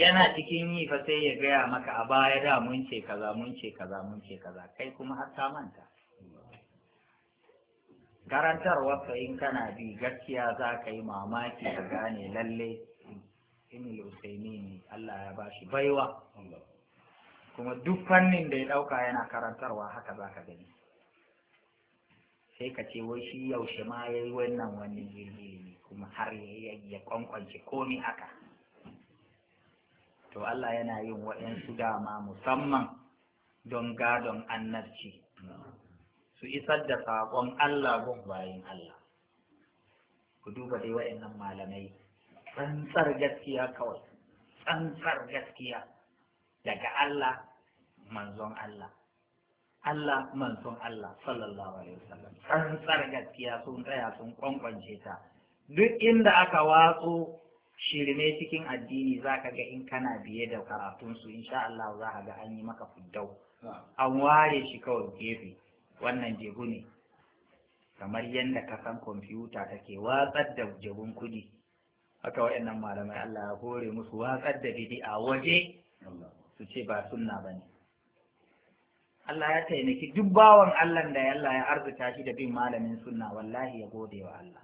yana cikin yi fa sai ya gaya maka a baya da mun ce kaza mun ce kaza mun ce kaza kai kuma har ka manta karantarwarsa in kana bi gaskiya za ka yi mamaki ka gane lalle ibnul ne Allah ya ba shi baiwa kuma duk fannin da ya ɗauka yana karantarwa haka za ka gani sai ka ce wai shi yaushe ma yayi wannan wannan wani ilimi har ya kwankwance komi haka to Allah yana yin waɗansu dama musamman don gadon annabci su isar da saƙon Allah gun bayin Allah ku duba dai waɗannan malamai tsantsar gaskiya kawai tsantsar gaskiya daga Allah manzon Allah Allah manzon Allah sallallahu alaihi wasallam tsantsar gaskiya sun tsaya sun kwankwance ta duk inda aka watso shirme cikin addini za ka ga in kana biye da karatunsu insha Allah za ka ga an yi maka fuddau an ware shi kawai gefe wannan jegu ne kamar yadda ka san kwamfuta take watsar da jebun kudi haka waɗannan malamai Allah ya kore musu watsar da a waje su ce ba sunna ba ne Allah ya taimaki duk bawan Allah da Allah ya arzuta shi da bin malamin sunna wallahi ya gode wa Allah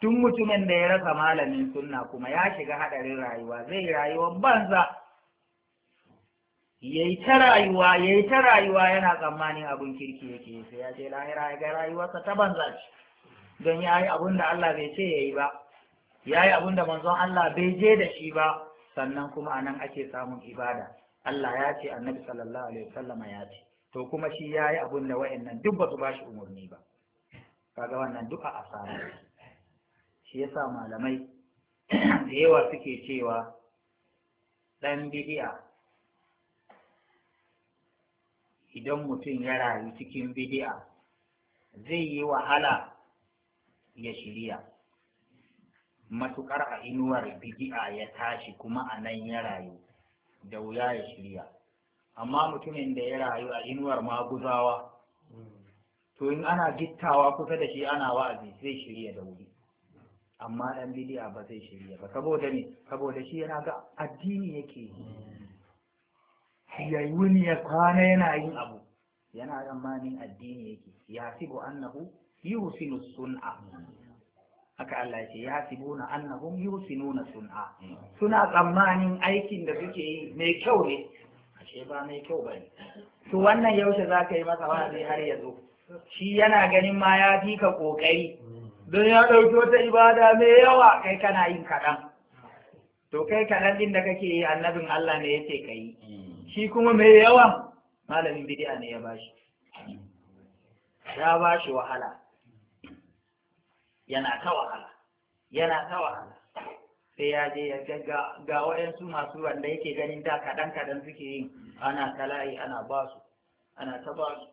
tun mutumin da ya rasa malamin sunna kuma ya shiga haɗarin rayuwa zai rayuwar banza ya yi ta rayuwa ya yi ta rayuwa yana tsammanin abin kirki yake sai ya ce lahira ya ga rayuwarsa ta banza ce don ya yi abin da Allah bai ce ya yi ba ya yi abin da manzon Allah bai je da shi ba sannan kuma anan ake samun ibada Allah ya ce annabi sallallahu alaihi wasallama ya ce to kuma shi ya yi abin da wa'annan duk ba su ba shi umarni ba kaga wannan duka asara shi yasa malamai da yawa suke cewa ɗan bidi'a idan mutum ya rayu cikin bidi'a zai yi wahala ya shirya matuƙar a inuwar bidi'a ya tashi kuma a nan ya rayu da wuya ya shirya amma mutumin da ya rayu a inuwar maguzawa to in ana gittawa kusa da shi ana wa'azi zai shirya da wuri amma dan bidiya ba zai shirya ba saboda ne saboda shi yana ga addini yake yayi wani ya kwana yana yin abu yana tsammanin addini yake ya sigo annahu yusinu sun'a haka Allah ce ya sibuna annahum na sun'a suna tsammanin aikin da suke yi mai kyau ne ashe ba mai kyau ba ne. to wannan yaushe za ka yi masa wani har ya zo shi yana ganin ma ya fi ka kokari don ya ɗauki wata ibada mai yawa kai kana yin kaɗan to kai kaɗan ɗin da kake yi annabin Allah ne yake ka yi shi kuma mai yawa malamin bidi'a ne ya bashi ya bashi wahala yana ta wahala yana ta wahala sai ya je ya ga ga waɗansu masu wanda yake ganin da kaɗan kaɗan suke yi ana tala'i ana basu ana ta basu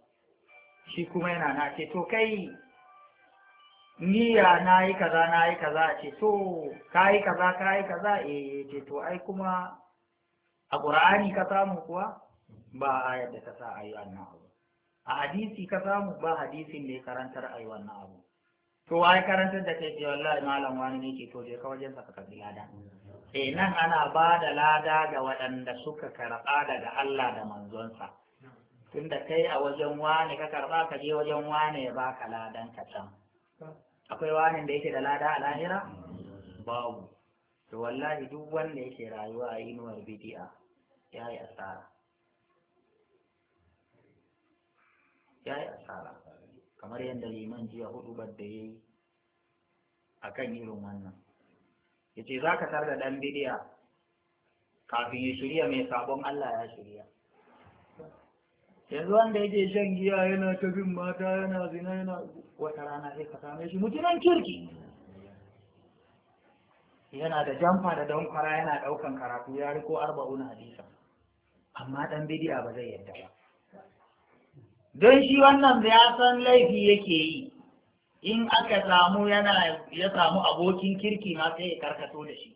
shi kuma yana na ce to kai niyya na yi kaza na yi kaza a ce to ka yi kaza ka yi kaza eh ce to ai kuma a ƙura'ani ka samu kuwa ba ayar da ta sa a yi wannan abu a hadisi ka samu ba hadisin da ya karantar a yi wannan abu to ai karantar da kai ce wallahi malam wani ne ke to je ka wajen saka karbi lada eh nan ana ba da lada ga waɗanda suka karɓa daga Allah da manzonsa tunda kai a wajen wane ka karɓa ka je wajen wane ya baka ladan ka can akwai wani da yake da lada a lahira babu to wallahi duk wanda yake rayuwa a inuwar bidi'a ya yi asara ya yi asara kamar yadda liman jiya hudu da ya yi a kan irin wannan ya ce za ka tar da ɗan bidiya kafin ya shirya mai sabon Allah ya shirya yanzu wanda yake shan giya yana ta bin mata yana zina yana wata rana sai ka same shi mutumin kirki yana da jamfa da dankwara yana daukan karatu ya riko arba'una hadisa amma dan bidiya ba zai yadda ba don shi wannan ya san laifi yake yi in aka samu yana ya samu abokin kirki ma sai ya karkato da shi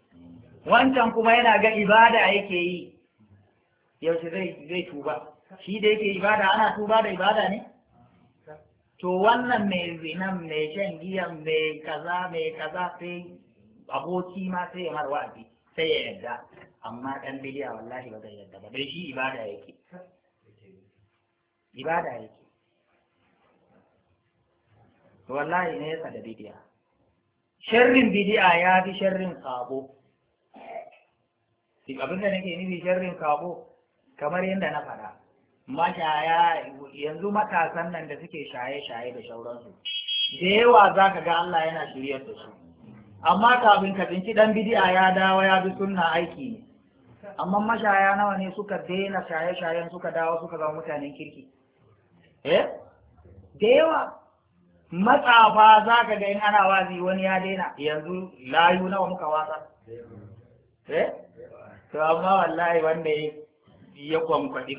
wancan kuma yana ga ibada yake yi yaushe zai tuba shi da yake ibada ana tuba da ibada ne to wannan mai zinan mai shan giyan mai kaza mai kaza sai aboki ma sai ya marwa abi sai ya yarda amma dan bidiya wallahi ba zai yarda ba dai shi ibada yake ibada yake to wallahi ne yasa da bidiya sharrin bidiya ya fi sharrin sabo abin da nake nufi sharrin sabo kamar yadda na faɗa mashaya yanzu matasan nan da suke shaye-shaye da shauransu da yawa za ka ga Allah yana shirya da su amma kafin ka tsinci ɗan bidiya ya dawo ya bi sunna aiki ne amma mashaya nawa ne suka daina shaye-shayen suka dawo suka zama mutanen kirki eh da yawa matsafa za ka ga in ana wazi wani ya daina yanzu layu nawa muka wasa eh to amma wallahi wanda ya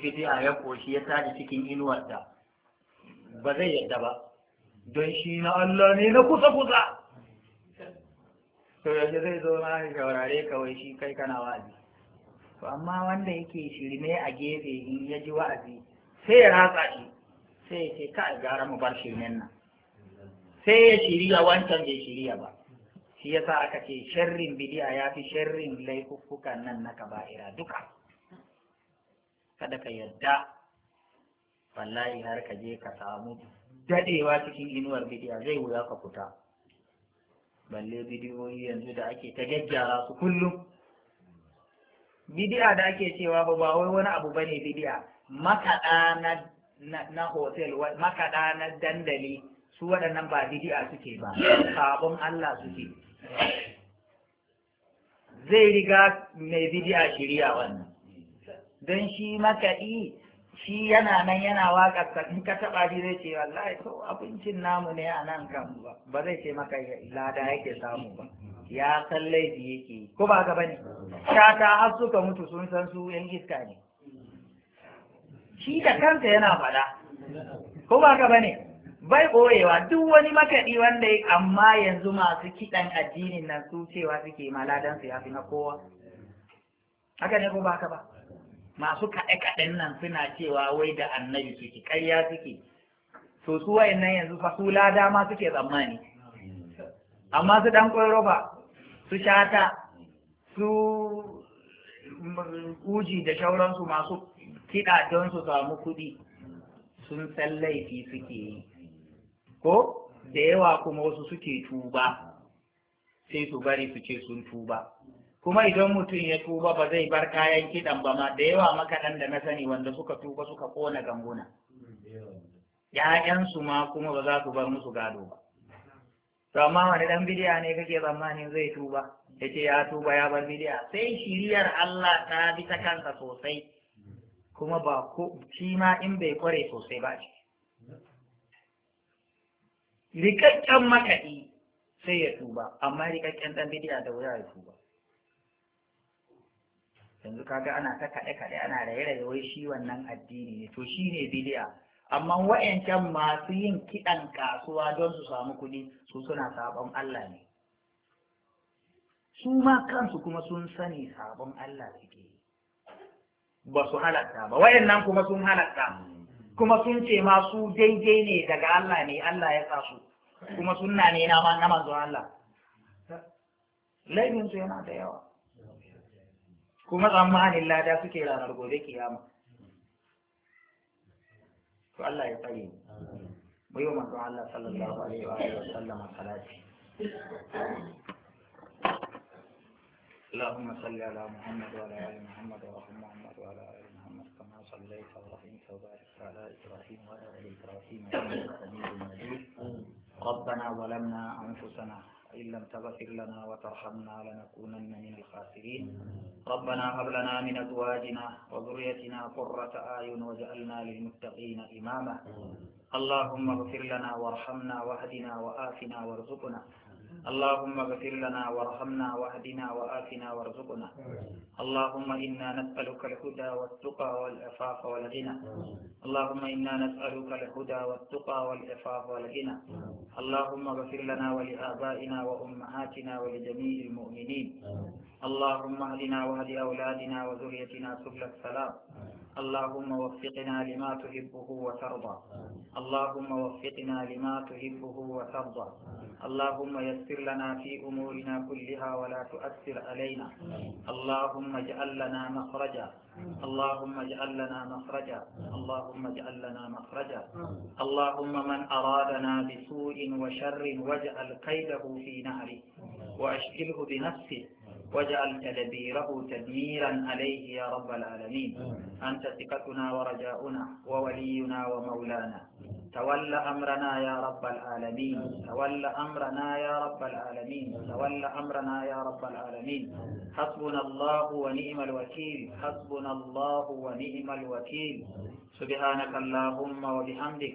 fiti a ya koshi ya tashi cikin inuwarta ba zai yadda ba don shi na Allah ne na kusa-kusa to yaushe zai zo na shaurare kawai shi kai kana wa'azi to amma wanda yake shirme a gefe in ya ji wa'azi sai ya ratsa shi sai ya ce ka gara mu bar shirmen nan sai ya shirya wancan bai shirya ba shi yasa aka ce sharrin bidi'a ya fi sharrin laifuffukan nan na kaba'ira duka kada ka yarda wallahi har ka je ka samu dadewa cikin inuwar bidiya zai wuya ka fita balle bidiyoyi yanzu da ake ta gaggara su kullum bidiya da ake cewa ba ba wai wani abu bane bidiya makaɗa na na hotel makaɗa na dandali su waɗannan ba bidiya suke ba sabon Allah suke zai riga mai bidiya shirya wannan don shi makaɗi shi yana nan yana waƙar in ka taɓa shi zai ce wallahi to abincin namu ne a nan kan ba ba zai ce maka lada yake samu ba ya san laifi yake ko ba bane ne shata har suka mutu sun san su yan iska ne shi da kansa yana faɗa ko ba ga ne bai ɓoyewa duk wani makaɗi wanda amma yanzu masu kiɗan addinin nan su cewa suke maladansu ya fi na kowa haka ne ko ba ka ba masu kaɗe-kaɗen nan suna cewa wai da annabi suke ƙarya suke to su wayannan yanzu fa su lada ma suke tsammani amma su dan koyo roba su shata su uji da shauransu masu kiɗa don su samu kuɗi sun san laifi suke yi ko da yawa kuma wasu suke tuba sai su bari su ce sun tuba kuma idan mutum ya tuba ba zai bar kayan kiɗan ba ma da yawa makaɗan da na sani wanda suka tuba suka kona ganguna ‘ya'yansu ma kuma ba za su bar musu gado ba to amma wani ɗan bidiya ne kake tsammanin zai tuba ya ce ya tuba ya bar bidiya sai shiriyar Allah ta bi ta kansa sosai kuma ba ko shi ma in bai kware sosai ba ce rikakken makaɗi sai ya tuba amma rikakken ɗan bidiya da wuya ya tuba yanzu kaga ana ta kaɗe kaɗe ana raye raye wai shi wannan addini ne to shi ne bidiya amma wa'yancan masu yin kiɗan kasuwa don su samu kuɗi su suna sabon Allah ne su ma kansu kuma sun sani sabon Allah suke ba su halatta ba wa'yannan kuma sun halatta kuma sun ce ma su daidai ne daga Allah ne Allah ya sa su kuma sunna ne na manzon Allah laifinsu yana da yawa kuma tsammanin lada suke ranar gobe kiyama to Allah ya tsare mu yi wa manzon Allah sallallahu alaihi wa salati اللهم صل على محمد وعلى ال محمد وارحم محمد وعلى ال محمد كما صليت ورحمت وبارك على ابراهيم وعلى ال ابراهيم انك حميد مجيد ربنا ظلمنا انفسنا فإن لم تغفر لنا وترحمنا لنكونن من الخاسرين ربنا هب لنا من أزواجنا وذريتنا قرة أعين واجعلنا للمتقين إماما اللهم اغفر لنا وارحمنا واهدنا وآفنا وارزقنا اللهم اغفر لنا وارحمنا واهدنا وآتنا وارزقنا اللهم إنا نسألك الهدى والتقى والعفاف والغنى اللهم إنا نسألك الهدى والتقى والعفاف والغنى اللهم اغفر لنا ولآبائنا وأمهاتنا ولجميع المؤمنين اللهم اهدنا واهد أولادنا وذريتنا سبل السلام اللهم وفقنا لما تحبه وترضى اللهم وفقنا لما تحبه وترضى اللهم يسر لنا في أمورنا كلها ولا تؤثر علينا اللهم اجعل لنا مخرجا اللهم اجعل لنا مخرجا اللهم اجعل لنا مخرجا اللهم من أرادنا بسوء وشر واجعل كيده في نهره وأشغله بنفسه واجعل تدبيره تدميرا عليه يا رب العالمين أنت ثقتنا ورجاؤنا وولينا ومولانا تول أمرنا يا رب العالمين تول أمرنا يا رب العالمين تول أمرنا يا رب العالمين حسبنا الله ونعم الوكيل حسبنا الله ونعم الوكيل سبحانك اللهم وبحمدك